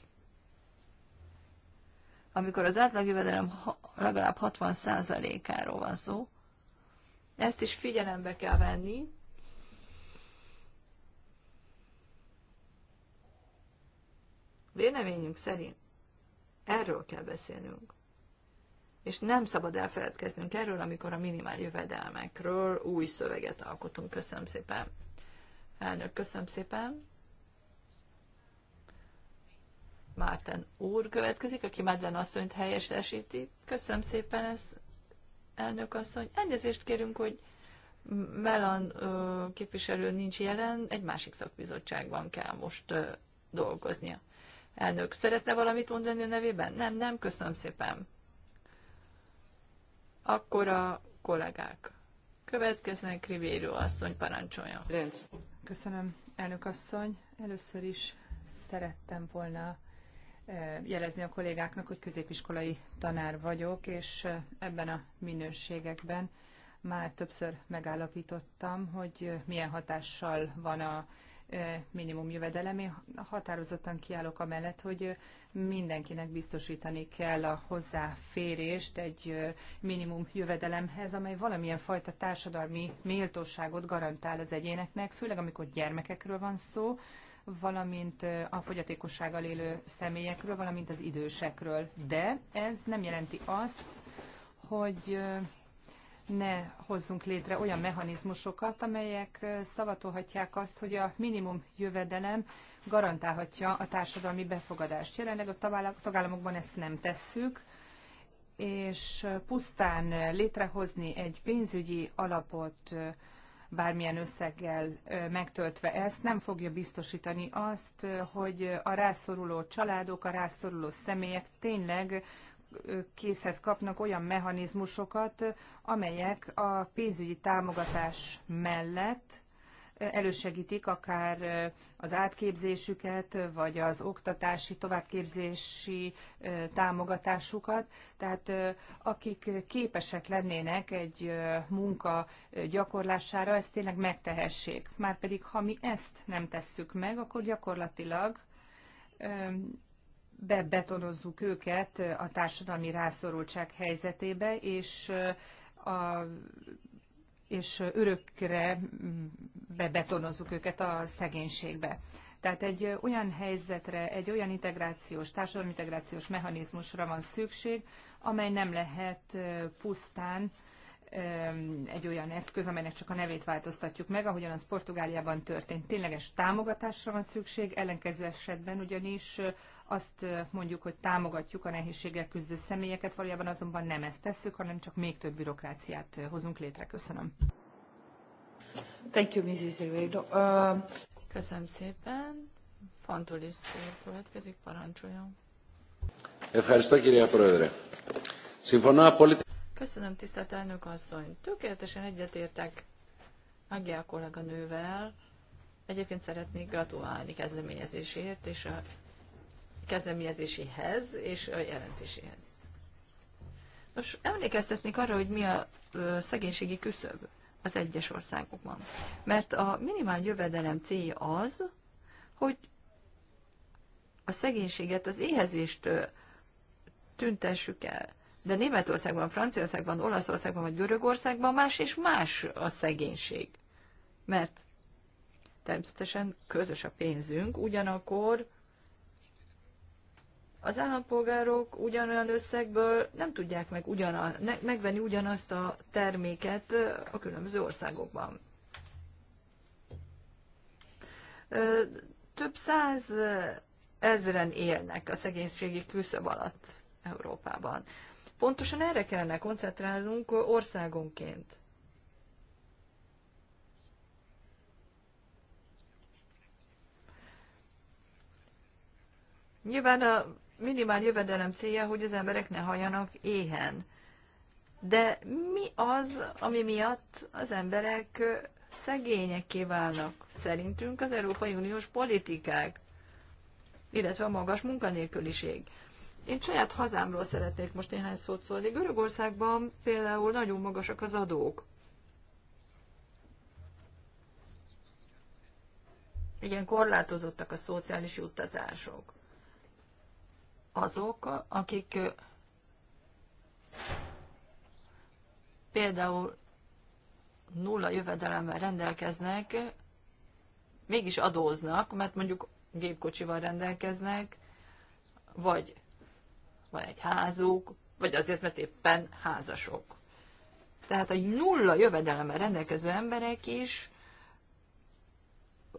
amikor az átlagjövedelem legalább 60%-áról van szó, ezt is figyelembe kell venni, Véleményünk szerint erről kell beszélnünk. És nem szabad elfeledkeznünk erről, amikor a minimál jövedelmekről új szöveget alkotunk. Köszönöm szépen. Elnök, köszönöm szépen. Márten úr következik, aki Madlen asszonyt helyesesíti. Köszönöm szépen ezt, elnök asszony. Elnézést kérünk, hogy Melan képviselő nincs jelen, egy másik szakbizottságban kell most dolgoznia. Elnök, szeretne valamit mondani a nevében? Nem, nem, köszönöm szépen. Akkor a kollégák. Következnek Rivérő asszony parancsolja. Köszönöm, elnök asszony. Először is szerettem volna eh, jelezni a kollégáknak, hogy középiskolai tanár vagyok, és eh, ebben a minőségekben már többször megállapítottam, hogy eh, milyen hatással van a minimum jövedelem. Én határozottan kiállok amellett, hogy mindenkinek biztosítani kell a hozzáférést egy minimum jövedelemhez, amely valamilyen fajta társadalmi méltóságot garantál az egyéneknek, főleg amikor gyermekekről van szó, valamint a fogyatékossággal élő személyekről, valamint az idősekről. De ez nem jelenti azt, hogy ne hozzunk létre olyan mechanizmusokat, amelyek szavatolhatják azt, hogy a minimum jövedelem garantálhatja a társadalmi befogadást. Jelenleg a tagállamokban ezt nem tesszük, és pusztán létrehozni egy pénzügyi alapot bármilyen összeggel megtöltve ezt, nem fogja biztosítani azt, hogy a rászoruló családok, a rászoruló személyek tényleg készhez kapnak olyan mechanizmusokat, amelyek a pénzügyi támogatás mellett elősegítik akár az átképzésüket, vagy az oktatási, továbbképzési támogatásukat. Tehát akik képesek lennének egy munka gyakorlására, ezt tényleg megtehessék. Márpedig, ha mi ezt nem tesszük meg, akkor gyakorlatilag bebetonozzuk őket a társadalmi rászorultság helyzetébe, és a és örökre bebetonozzuk őket a szegénységbe. Tehát egy olyan helyzetre, egy olyan integrációs, társadalmi integrációs mechanizmusra van szükség, amely nem lehet pusztán egy olyan eszköz, amelynek csak a nevét változtatjuk meg, ahogyan az Portugáliában történt. Tényleges támogatásra van szükség, ellenkező esetben ugyanis azt mondjuk, hogy támogatjuk a nehézséggel küzdő személyeket, valójában azonban nem ezt tesszük, hanem csak még több bürokráciát hozunk létre. Köszönöm. Thank you, Mrs. Rivedo. Uh... Köszönöm szépen. Fantulis következik, parancsoljon. Köszönöm szépen, Πρόεδρε. Συμφωνώ Köszönöm, tisztelt elnök asszony. Tökéletesen egyetértek kollega nővel. Egyébként szeretnék gratulálni kezdeményezésért és a kezdeményezéséhez és a jelentéséhez. Nos, emlékeztetnék arra, hogy mi a szegénységi küszöb az egyes országokban. Mert a minimál jövedelem célja az, hogy a szegénységet, az éhezést tüntessük el de Németországban, Franciaországban, Olaszországban vagy Görögországban más és más a szegénység. Mert természetesen közös a pénzünk, ugyanakkor az állampolgárok ugyanolyan összegből nem tudják meg ugyana, ne, megvenni ugyanazt a terméket a különböző országokban. Több száz ezren élnek a szegénységi küszöb alatt Európában. Pontosan erre kellene koncentrálnunk országonként. Nyilván a minimál jövedelem célja, hogy az emberek ne halljanak éhen. De mi az, ami miatt az emberek szegényekké válnak? Szerintünk az Európai Uniós politikák, illetve a magas munkanélküliség. Én saját hazámról szeretnék most néhány szót szólni. Görögországban például nagyon magasak az adók. Igen, korlátozottak a szociális juttatások. Azok, akik például nulla jövedelemmel rendelkeznek, mégis adóznak, mert mondjuk gépkocsival rendelkeznek, vagy van egy házuk, vagy azért, mert éppen házasok. Tehát a nulla jövedelemmel rendelkező emberek is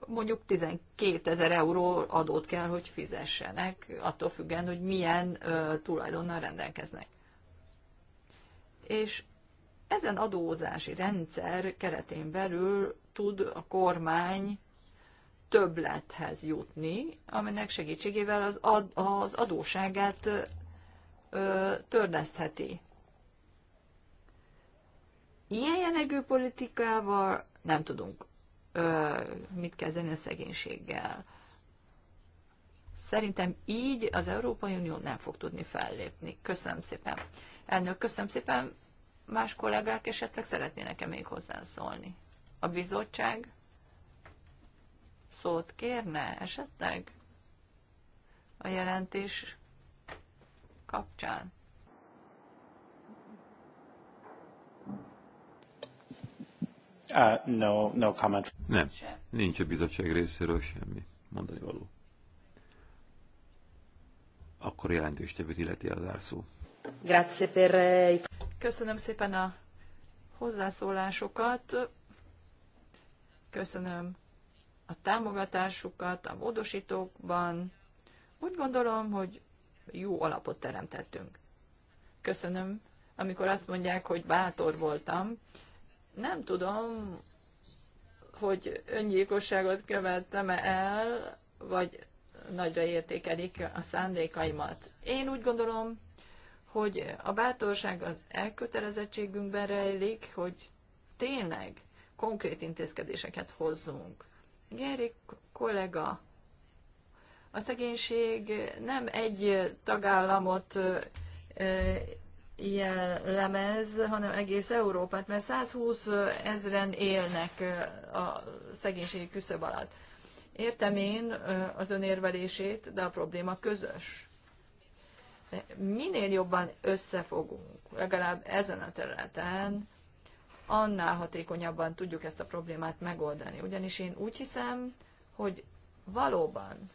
mondjuk 12 ezer euró adót kell, hogy fizessenek, attól függően, hogy milyen ö, tulajdonnal rendelkeznek. És ezen adózási rendszer keretén belül tud a kormány többlethez jutni, aminek segítségével az, ad, az adóságát ö, törlesztheti. Ilyen jellegű politikával nem tudunk ö, mit kezdeni a szegénységgel. Szerintem így az Európai Unió nem fog tudni fellépni. Köszönöm szépen. Elnök, köszönöm szépen. Más kollégák esetleg szeretnének-e még hozzászólni? A bizottság szót kérne esetleg? A jelentés kapcsán. Uh, no, no comment. Nem, nincs a bizottság részéről semmi mondani való. Akkor jelentéstevőt illeti a zárszó. Grazie per... Eh, Köszönöm szépen a hozzászólásokat. Köszönöm a támogatásukat a módosítókban. Úgy gondolom, hogy jó alapot teremtettünk. Köszönöm, amikor azt mondják, hogy bátor voltam. Nem tudom, hogy öngyilkosságot követtem -e el, vagy nagyra értékelik a szándékaimat. Én úgy gondolom, hogy a bátorság az elkötelezettségünkben rejlik, hogy tényleg konkrét intézkedéseket hozzunk. Gerik kollega a szegénység nem egy tagállamot jellemez, hanem egész Európát, mert 120 ezren élnek a szegénység küszöb alatt. Értem én az önérvelését, de a probléma közös. De minél jobban összefogunk, legalább ezen a területen, annál hatékonyabban tudjuk ezt a problémát megoldani. Ugyanis én úgy hiszem, hogy valóban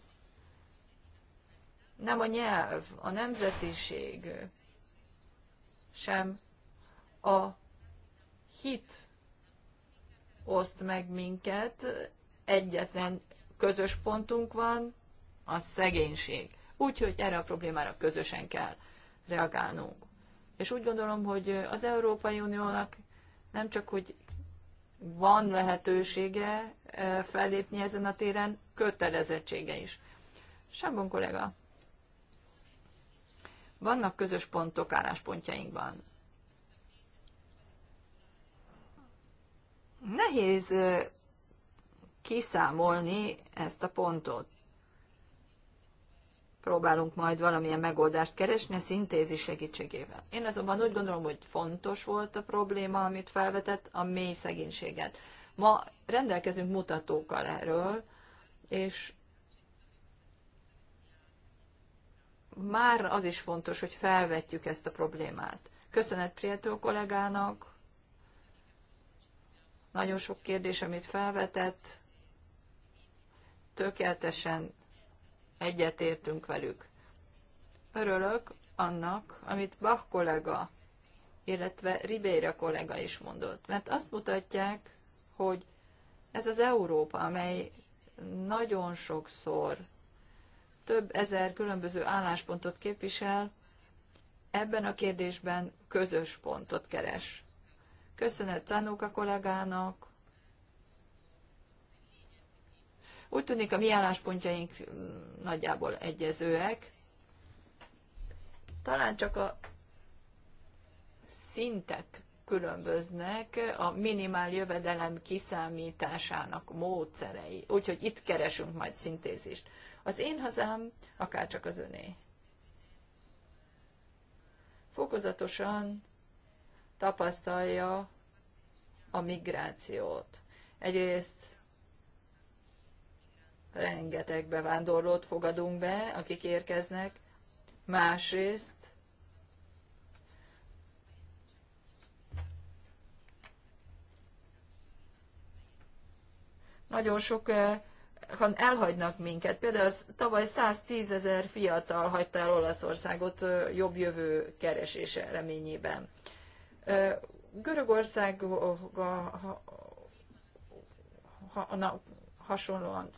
nem a nyelv, a nemzetiség, sem a hit oszt meg minket, egyetlen közös pontunk van, a szegénység. Úgyhogy erre a problémára közösen kell reagálnunk. És úgy gondolom, hogy az Európai Uniónak nem csak, hogy van lehetősége eh, fellépni ezen a téren, kötelezettsége is. Sambon kollega, vannak közös pontok álláspontjainkban. Nehéz kiszámolni ezt a pontot. Próbálunk majd valamilyen megoldást keresni a szintézis segítségével. Én azonban úgy gondolom, hogy fontos volt a probléma, amit felvetett, a mély szegénységet. Ma rendelkezünk mutatókkal erről, és már az is fontos, hogy felvetjük ezt a problémát. Köszönet Prieto kollégának, nagyon sok kérdés, amit felvetett, tökéletesen egyetértünk velük. Örülök annak, amit Bach kollega, illetve Ribeira kollega is mondott, mert azt mutatják, hogy ez az Európa, amely nagyon sokszor több ezer különböző álláspontot képvisel, ebben a kérdésben közös pontot keres. Köszönet a kollégának. Úgy tűnik, a mi álláspontjaink mm, nagyjából egyezőek. Talán csak a szintek különböznek a minimál jövedelem kiszámításának módszerei. Úgyhogy itt keresünk majd szintézist. Az én hazám, akár csak az öné. Fokozatosan tapasztalja a migrációt. Egyrészt rengeteg bevándorlót fogadunk be, akik érkeznek, másrészt nagyon sok eh, elhagynak minket. Például az tavaly 110 ezer fiatal hagyta el Olaszországot jobb jövő keresése reményében. Görögország hasonlóan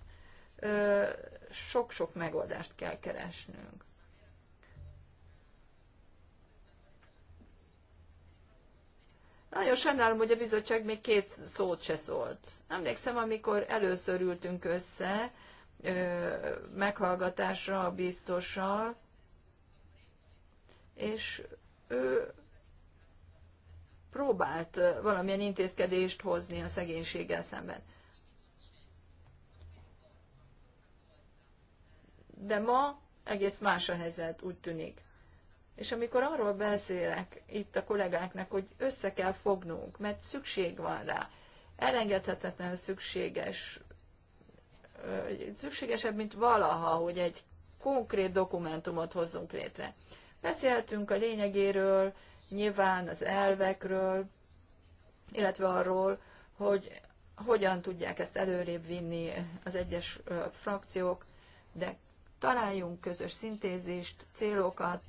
sok-sok megoldást kell keresnünk. Nagyon sajnálom, hogy a bizottság még két szót se szólt. Emlékszem, amikor először ültünk össze ö, meghallgatásra a biztossal, és ő próbált valamilyen intézkedést hozni a szegénységgel szemben. De ma egész más a helyzet, úgy tűnik. És amikor arról beszélek itt a kollégáknak, hogy össze kell fognunk, mert szükség van rá, elengedhetetlenül szükséges, szükségesebb, mint valaha, hogy egy konkrét dokumentumot hozzunk létre. Beszélhetünk a lényegéről, nyilván az elvekről, illetve arról, hogy hogyan tudják ezt előrébb vinni az egyes frakciók, de találjunk közös szintézist, célokat,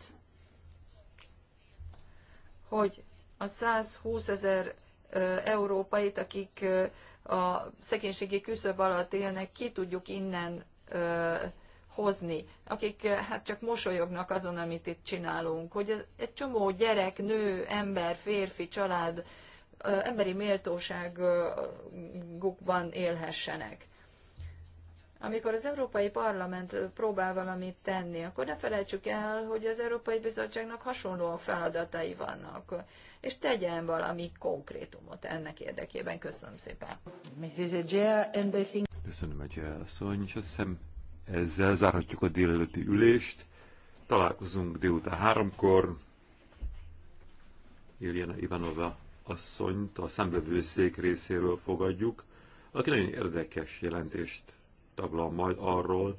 hogy a 120 ezer európait, akik a szegénységi küszöb alatt élnek, ki tudjuk innen hozni, akik hát csak mosolyognak azon, amit itt csinálunk, hogy egy csomó gyerek, nő, ember, férfi, család emberi méltóságukban élhessenek amikor az Európai Parlament próbál valamit tenni, akkor ne felejtsük el, hogy az Európai Bizottságnak hasonló feladatai vannak, és tegyen valami konkrétumot ennek érdekében. Köszönöm szépen. Köszönöm, Egyer asszony, és azt hiszem ezzel zárhatjuk a délelőtti ülést. Találkozunk délután háromkor. Iljana Ivanova asszonyt a szembevőszék részéről fogadjuk, aki nagyon érdekes jelentést tablal majd arról,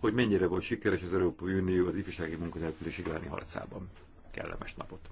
hogy mennyire volt sikeres az Európai Unió az ifjúsági munkanélküliség elleni harcában. Kellemes napot!